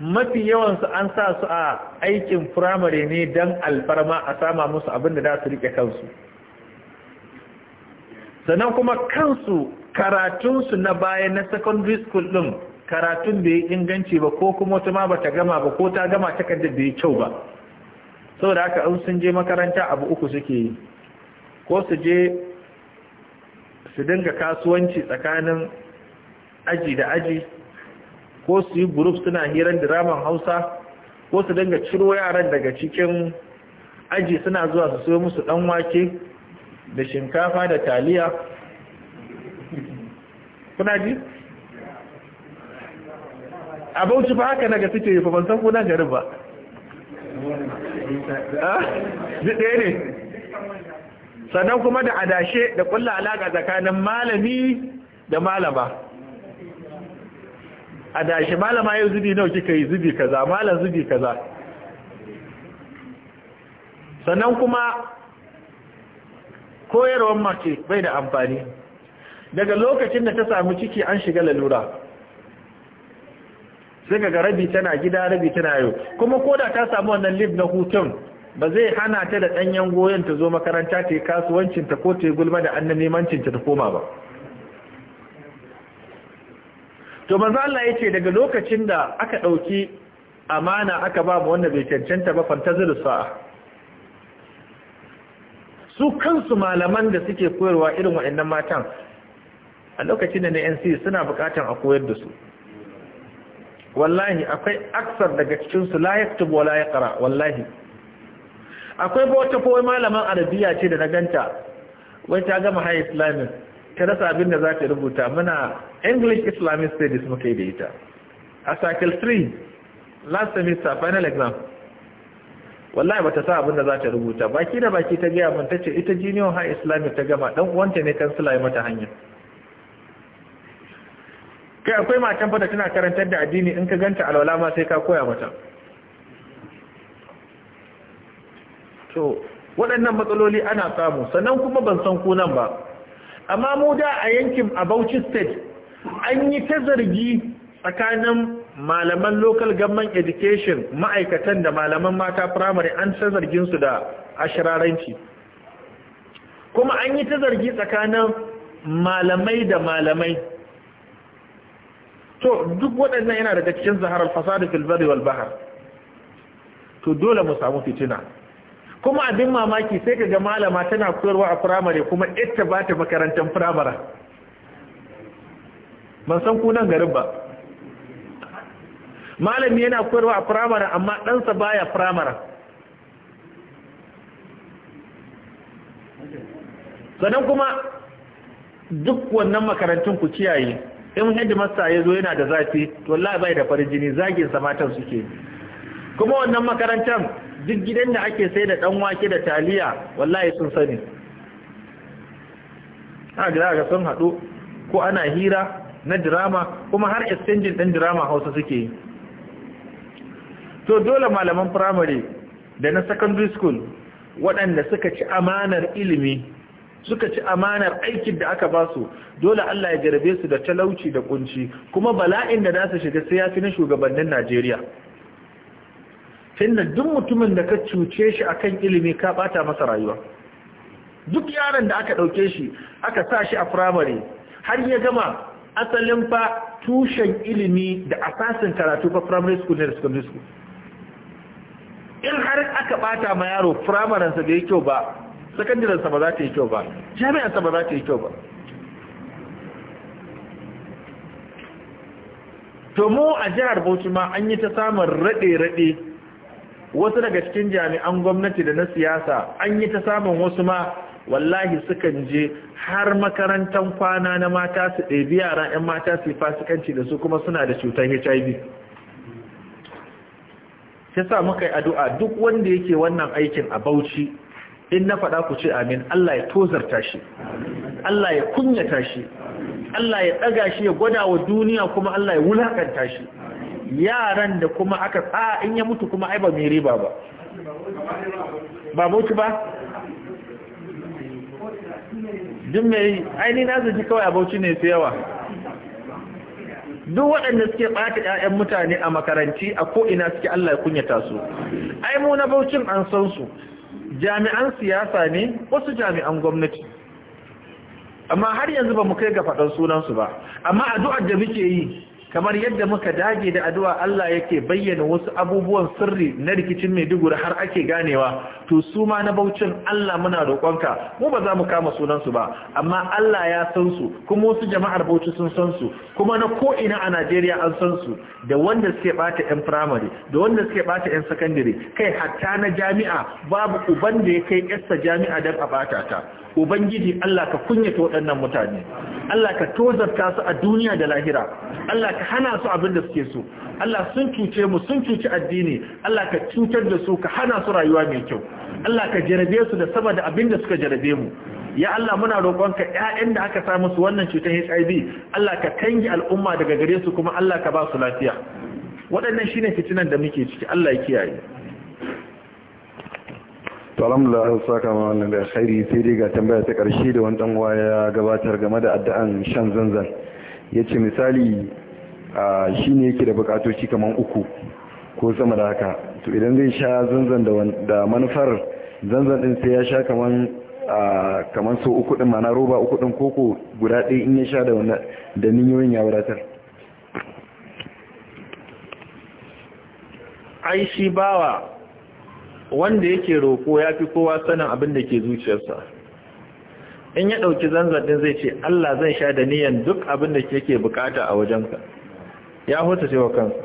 mafi yawansu an sa su a aikin firamare ne don alfarma a sama musu abin da za su riƙe kansu sannan kuma kansu karatunsu na baya na secondary school ɗin karatun da ya inganci ba ko kuma wata ma bata gama ba ko ta gama takardar bai kyau ba saboda haka in sun je makaranta abu uku suke yi ko su je su dinga kasuwanci tsakanin aji da aji ko su yi group suna hirar diraman hausa ko su dinga ciro yaran daga cikin aji suna zuwa su sayo musu dan wake da shinkafa da taliya kuna ji? a bauchi ba haka naga suke yi ban san kuna garin ba ji ah, ɗaya ne sannan kuma da adashe da kulla alaƙa tsakanin malami da malama adashe malama yau zubi nau kika yi zubi kaza malam zubi kaza sannan kuma koyarwar mace bai da amfani daga lokacin da ta samu ciki an shiga lalura sai ga rabi tana gida rabi tana yau kuma ko da ta samu wannan lif na hutun ba zai hana ta da ɗanyen goyon ta zo makaranta ta yi kasuwancinta ko ta yi gulma da annan nemancinta ta koma ba to manzo Allah ya ce daga lokacin da aka ɗauki amana aka ba mu wanda bai cancanta ba fantazir sa'a su kansu malaman da suke koyarwa irin waɗannan matan a lokacin da na NC suna bukatan a koyar da su wallahi akwai aksar daga cikin su la yaktubu wa yaqra wallahi akwai wata kowai malaman arabiya ce da na ganta wai ta gama high islamic ta rasa abin da za ta rubuta muna english islamic studies muka yi da ita a cycle 3 last semester final exam wallahi bata sa abin da za ta rubuta baki da baki ta gaya mun tace ita jiniyon ha islamic ta gama dan uwanta ne kansila ya mata hanya kai akwai matan fa da tana karantar da addini in ka ganta alwala ma sai ka koya mata to waɗannan matsaloli ana samu sannan kuma ban san kunan ba amma mu da a yankin a Bauchi state an yi ta zargi tsakanin malaman local government education ma'aikatan da malaman mata primary an san zarginsu da ashiraranci kuma an yi ta zargi tsakanin malamai da malamai to duk waɗannan yana daga cikin zaharar fasadu filbari bari bahar to dole mu samu fitina kuma abin mamaki sai ka ga malama tana koyarwa a firamare kuma ita ba ta makarantar primary ban san kunan nan garin ba malami yana koyarwa a firamare amma ɗansa baya firamare sannan kuma duk wannan makarantun ku ciyaye in hedimasta ya zo yana da zafi to wallahi bai da farin jini zagin samatan suke kuma wannan makarantar duk gidan da ake sai da dan wake da taliya wallahi sun sani a ga sun hadu ko ana hira na drama kuma har exchange din drama hausa suke yi So dole malaman firamare da na secondary school waɗanda suka ci amanar ilimi suka ci amanar aikin da aka ba su dole Allah ya jarabe su da talauci da kunci kuma bala'in da za su shiga sai ya fi na shugabannin Najeriya tunda duk mutumin da ka cuce shi akan ilimi ka bata masa rayuwa duk yaron da aka ɗauke shi aka sa shi a firamare har ya gama asalin fa tushen ilimi da asasin karatu fa primary school ne da secondary school in har aka bata ma yaro firamaransa da ya kyau ba sa ba za ta yi kyau ba sa ba za ta yi kyau ba to mu a jihar bauchi ma an yi ta samun raɗe-raɗe wasu daga cikin jami'an gwamnati da na siyasa an yi ta samun wasu ma wallahi sukan je har makarantar kwana na mata su ɗebi yara 'yan mata su yi fasikanci da su kuma suna da cutar hiv yasa muka yi addu'a duk wanda yake wannan aikin a Bauchi in na faɗa ku ce amin Allah ya tozarta shi Allah ya kunyata shi Allah ya ɗaga shi ya gwada wa duniya kuma Allah ya wulakanta shi yaran da kuma aka tsa in ya mutu kuma ai ba mai riba ba ba mutu ba duk mai aini na kawai kawai Bauchi ne su yawa duk waɗanda suke ɓata ƴaƴan mutane a makaranti a ko'ina suke Allah ya kunyata su ai mu na baucin an san su jami'an siyasa ne wasu jami'an gwamnati amma har yanzu ba mu kai ga faɗan sunansu ba amma addu'ar da muke yi kamar yadda muka dage da addu'a Allah yake bayyana wasu abubuwan sirri na rikicin mai Maiduguri har ake ganewa to su ma na baucin Allah muna roƙonka mu ba za mu kama sunan su ba amma Allah ya san su kuma wasu jama'ar Bauchi sun san su kuma na ko ina a Najeriya an san su da wanda suke bata ɗan primary da wanda suke bata ɗan secondary kai hatta na jami'a babu uban da ya kai ƴarsa jami'a dan a bata ta ubangiji Allah ka kunyata waɗannan mutane Allah ka tozarta su a duniya da lahira Allah ka hana su abin da suke so Allah sun cuce mu sun cuci addini Allah ka cutar da su ka hana su rayuwa mai kyau Allah ka jarabe su da saboda abin da suka jarabe mu ya Allah muna ka ƴaƴan da aka samu su wannan cutar HIV Allah ka kangi al'umma daga gare su kuma Allah ka ba su lafiya waɗannan shine fitinan da muke ciki Allah ya kiyaye salam alhamdulillah saka ma wannan da khairi sai dai ga tambaya ta ƙarshe da wani dan waya gabatar game da addu'an shan zanzan yace misali shi ne yake da bukatoci kamar uku ko sama da haka to idan zai sha zanzan da manufar zanzan din sai ya sha kamar kamar so uku din mana roba uku din koko guda ɗaya in ya sha da wanda da niyoyin ya wadatar ai shi bawa wanda yake roko ya fi kowa sanin abin da ke zuciyarsa in ya ɗauki zanzan din zai ce Allah zan sha da niyan duk abin da ke bukata a wajenka ya hota cewa kansa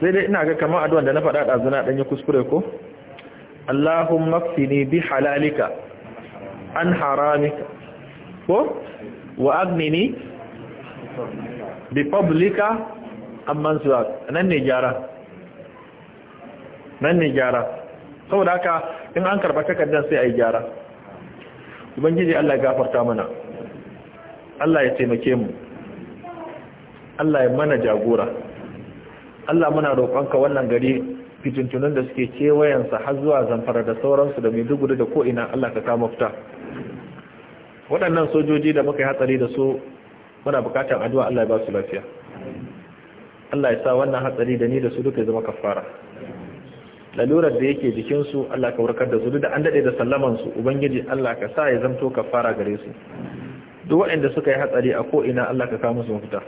sai dai ina ga kamar addu'an da na faɗa ɗazu na ɗanyi kuskure ko Allahumma fini bi halalika an haramika ko wa agnini bi publika amman zuwa nan ne gyara nan ne gyara saboda haka in an karɓa takardar sai a yi gyara ubangiji Allah ya gafarta mana Allah ya taimake mu Allah ya mana jagora Allah muna roƙonka wannan gari fitintunan da suke kewayensa har zuwa zamfara da sauransu da maiduguri da ko'ina Allah ka kama fita waɗannan sojoji da muka yi hatsari da su muna bukatar addu'a Allah ya ba su lafiya Allah ya sa wannan hatsari da ni da su duka zama kafara lalurar da yake jikinsu Allah ka warkar da su duk da an daɗe da sallamansu ubangiji Allah ka sa ya zamto kafara gare su duk waɗanda suka yi hatsari a ko'ina Allah ka kama su mafita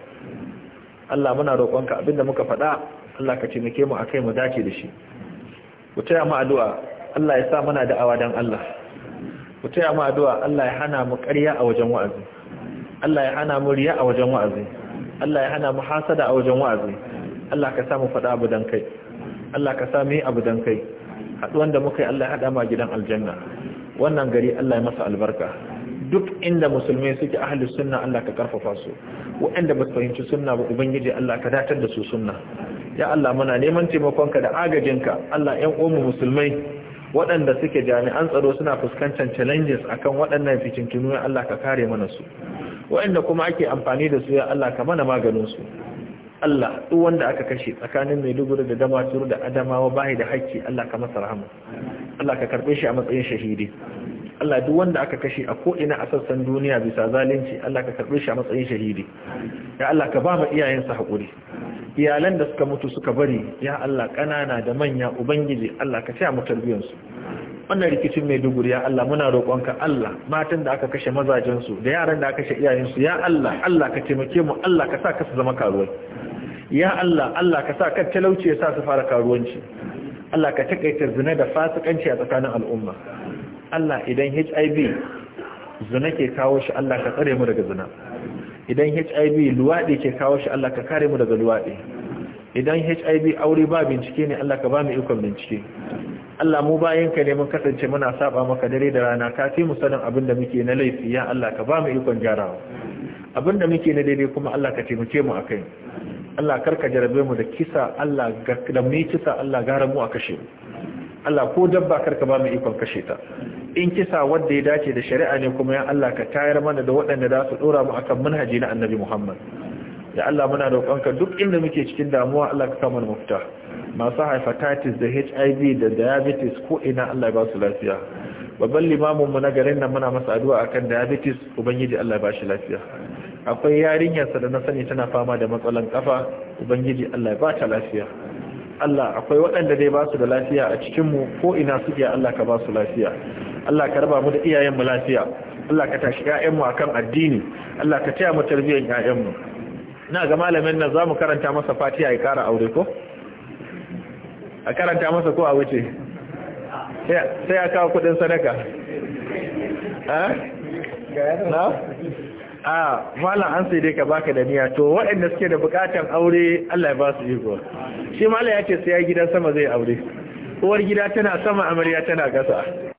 Allah muna roƙonka abinda muka faɗa Allah ka taimake mu akai mu dace da shi ku taya mu addu'a Allah ya sa muna da'awa dan Allah ku taya mu addu'a Allah ya hana mu ƙarya a wajen wa'azi Allah ya hana mu riya a wajen wa'azi Allah ya hana mu hasada a wajen wa'azi Allah ka sa mu faɗa abu dan kai Allah ka sa mu yi abu dan kai haɗuwan da muka yi Allah ya haɗa ma gidan aljanna wannan gari Allah ya masa albarka duk inda musulmai suke ahli sunna Allah ka karfafa su waɗanda ba su fahimci sunna ba ubangiji Allah ka datar da su sunna ya Allah muna neman taimakonka da agajinka Allah ƴan uwanmu musulmai waɗanda suke jami'an tsaro suna fuskantar challenges akan waɗannan fitintunu ya Allah ka kare mana su waɗanda kuma ake amfani da su ya Allah ka mana maganin su Allah duk wanda aka kashe tsakanin mai dubura da Damaturu da Adamawa bai da hakki Allah ka masa rahama Allah ka karbe shi a matsayin shahidi Allah duk wanda aka kashe a ko ina a sassan duniya bisa zalunci Allah ka karɓe shi a matsayin shahidi ya Allah ka ba mu sa hakuri iyalan da suka mutu suka bari ya Allah ƙanana da manya ubangiji Allah ka taya mu su. wannan rikicin mai duguri ya Allah muna roƙonka Allah matan da aka kashe mazajensu da yaran da aka kashe iyayensu ya Allah Allah ka taimake mu Allah ka sa ka su zama karuwai ya Allah Allah ka sa kan talauci ya sa su fara karuwanci Allah ka takaita zina da fasikanci a tsakanin al'umma Allah idan HIV zuna ke kawo shi Allah ka tsare mu daga zuna. idan HIV luwaɗi ke kawo shi Allah ka kare mu daga luwaɗi idan HIV aure ba bincike ne Allah ka ba mu ikon bincike Allah mu bayan ka ne mun kasance muna saba maka dare da rana ka fi mu sanin abin da muke na laifi ya Allah ka ba mu ikon gyarawa abin da muke na daidai kuma Allah ka taimake mu akai Allah karka jarabe mu da kisa Allah ga da mu kisa Allah gara mu a kashe mu Allah ko dabba karka ba mu ikon kashe ta in kisa wanda ya dace da shari'a ne kuma ya Allah ka tayar mana da waɗanda za su dora mu akan manhaji na Annabi Muhammad ya Allah muna roƙonka duk inda muke cikin damuwa Allah ka kama mafita masu hepatitis da HIV da diabetes ko ina Allah ba su lafiya babban limamin mu na garin nan muna masa addu'a akan diabetes ubangiji Allah ba shi lafiya akwai yarinyarsa da na sani tana fama da matsalan kafa ubangiji Allah ba ta lafiya Allah akwai waɗanda dai ba su da lafiya a cikinmu ko ina suke Allah ka ba su lafiya Allah ka raba mu da iyayenmu lafiya Allah ka tashi ƴaƴanmu akan addini Allah ka taya mu tarbiyyar ƴaƴanmu na ga malamin nan zamu karanta masa Fatiha ya kara aure ko a karanta masa ko a wuce sai ya kawo kudin sadaka ha yana a mala an sai dai ka baka da niyya to waɗanda suke da bukatan aure Allah ya ba su iko shi mala ya ce sai ya gidan sama zai aure uwar gida tana sama amarya tana gasa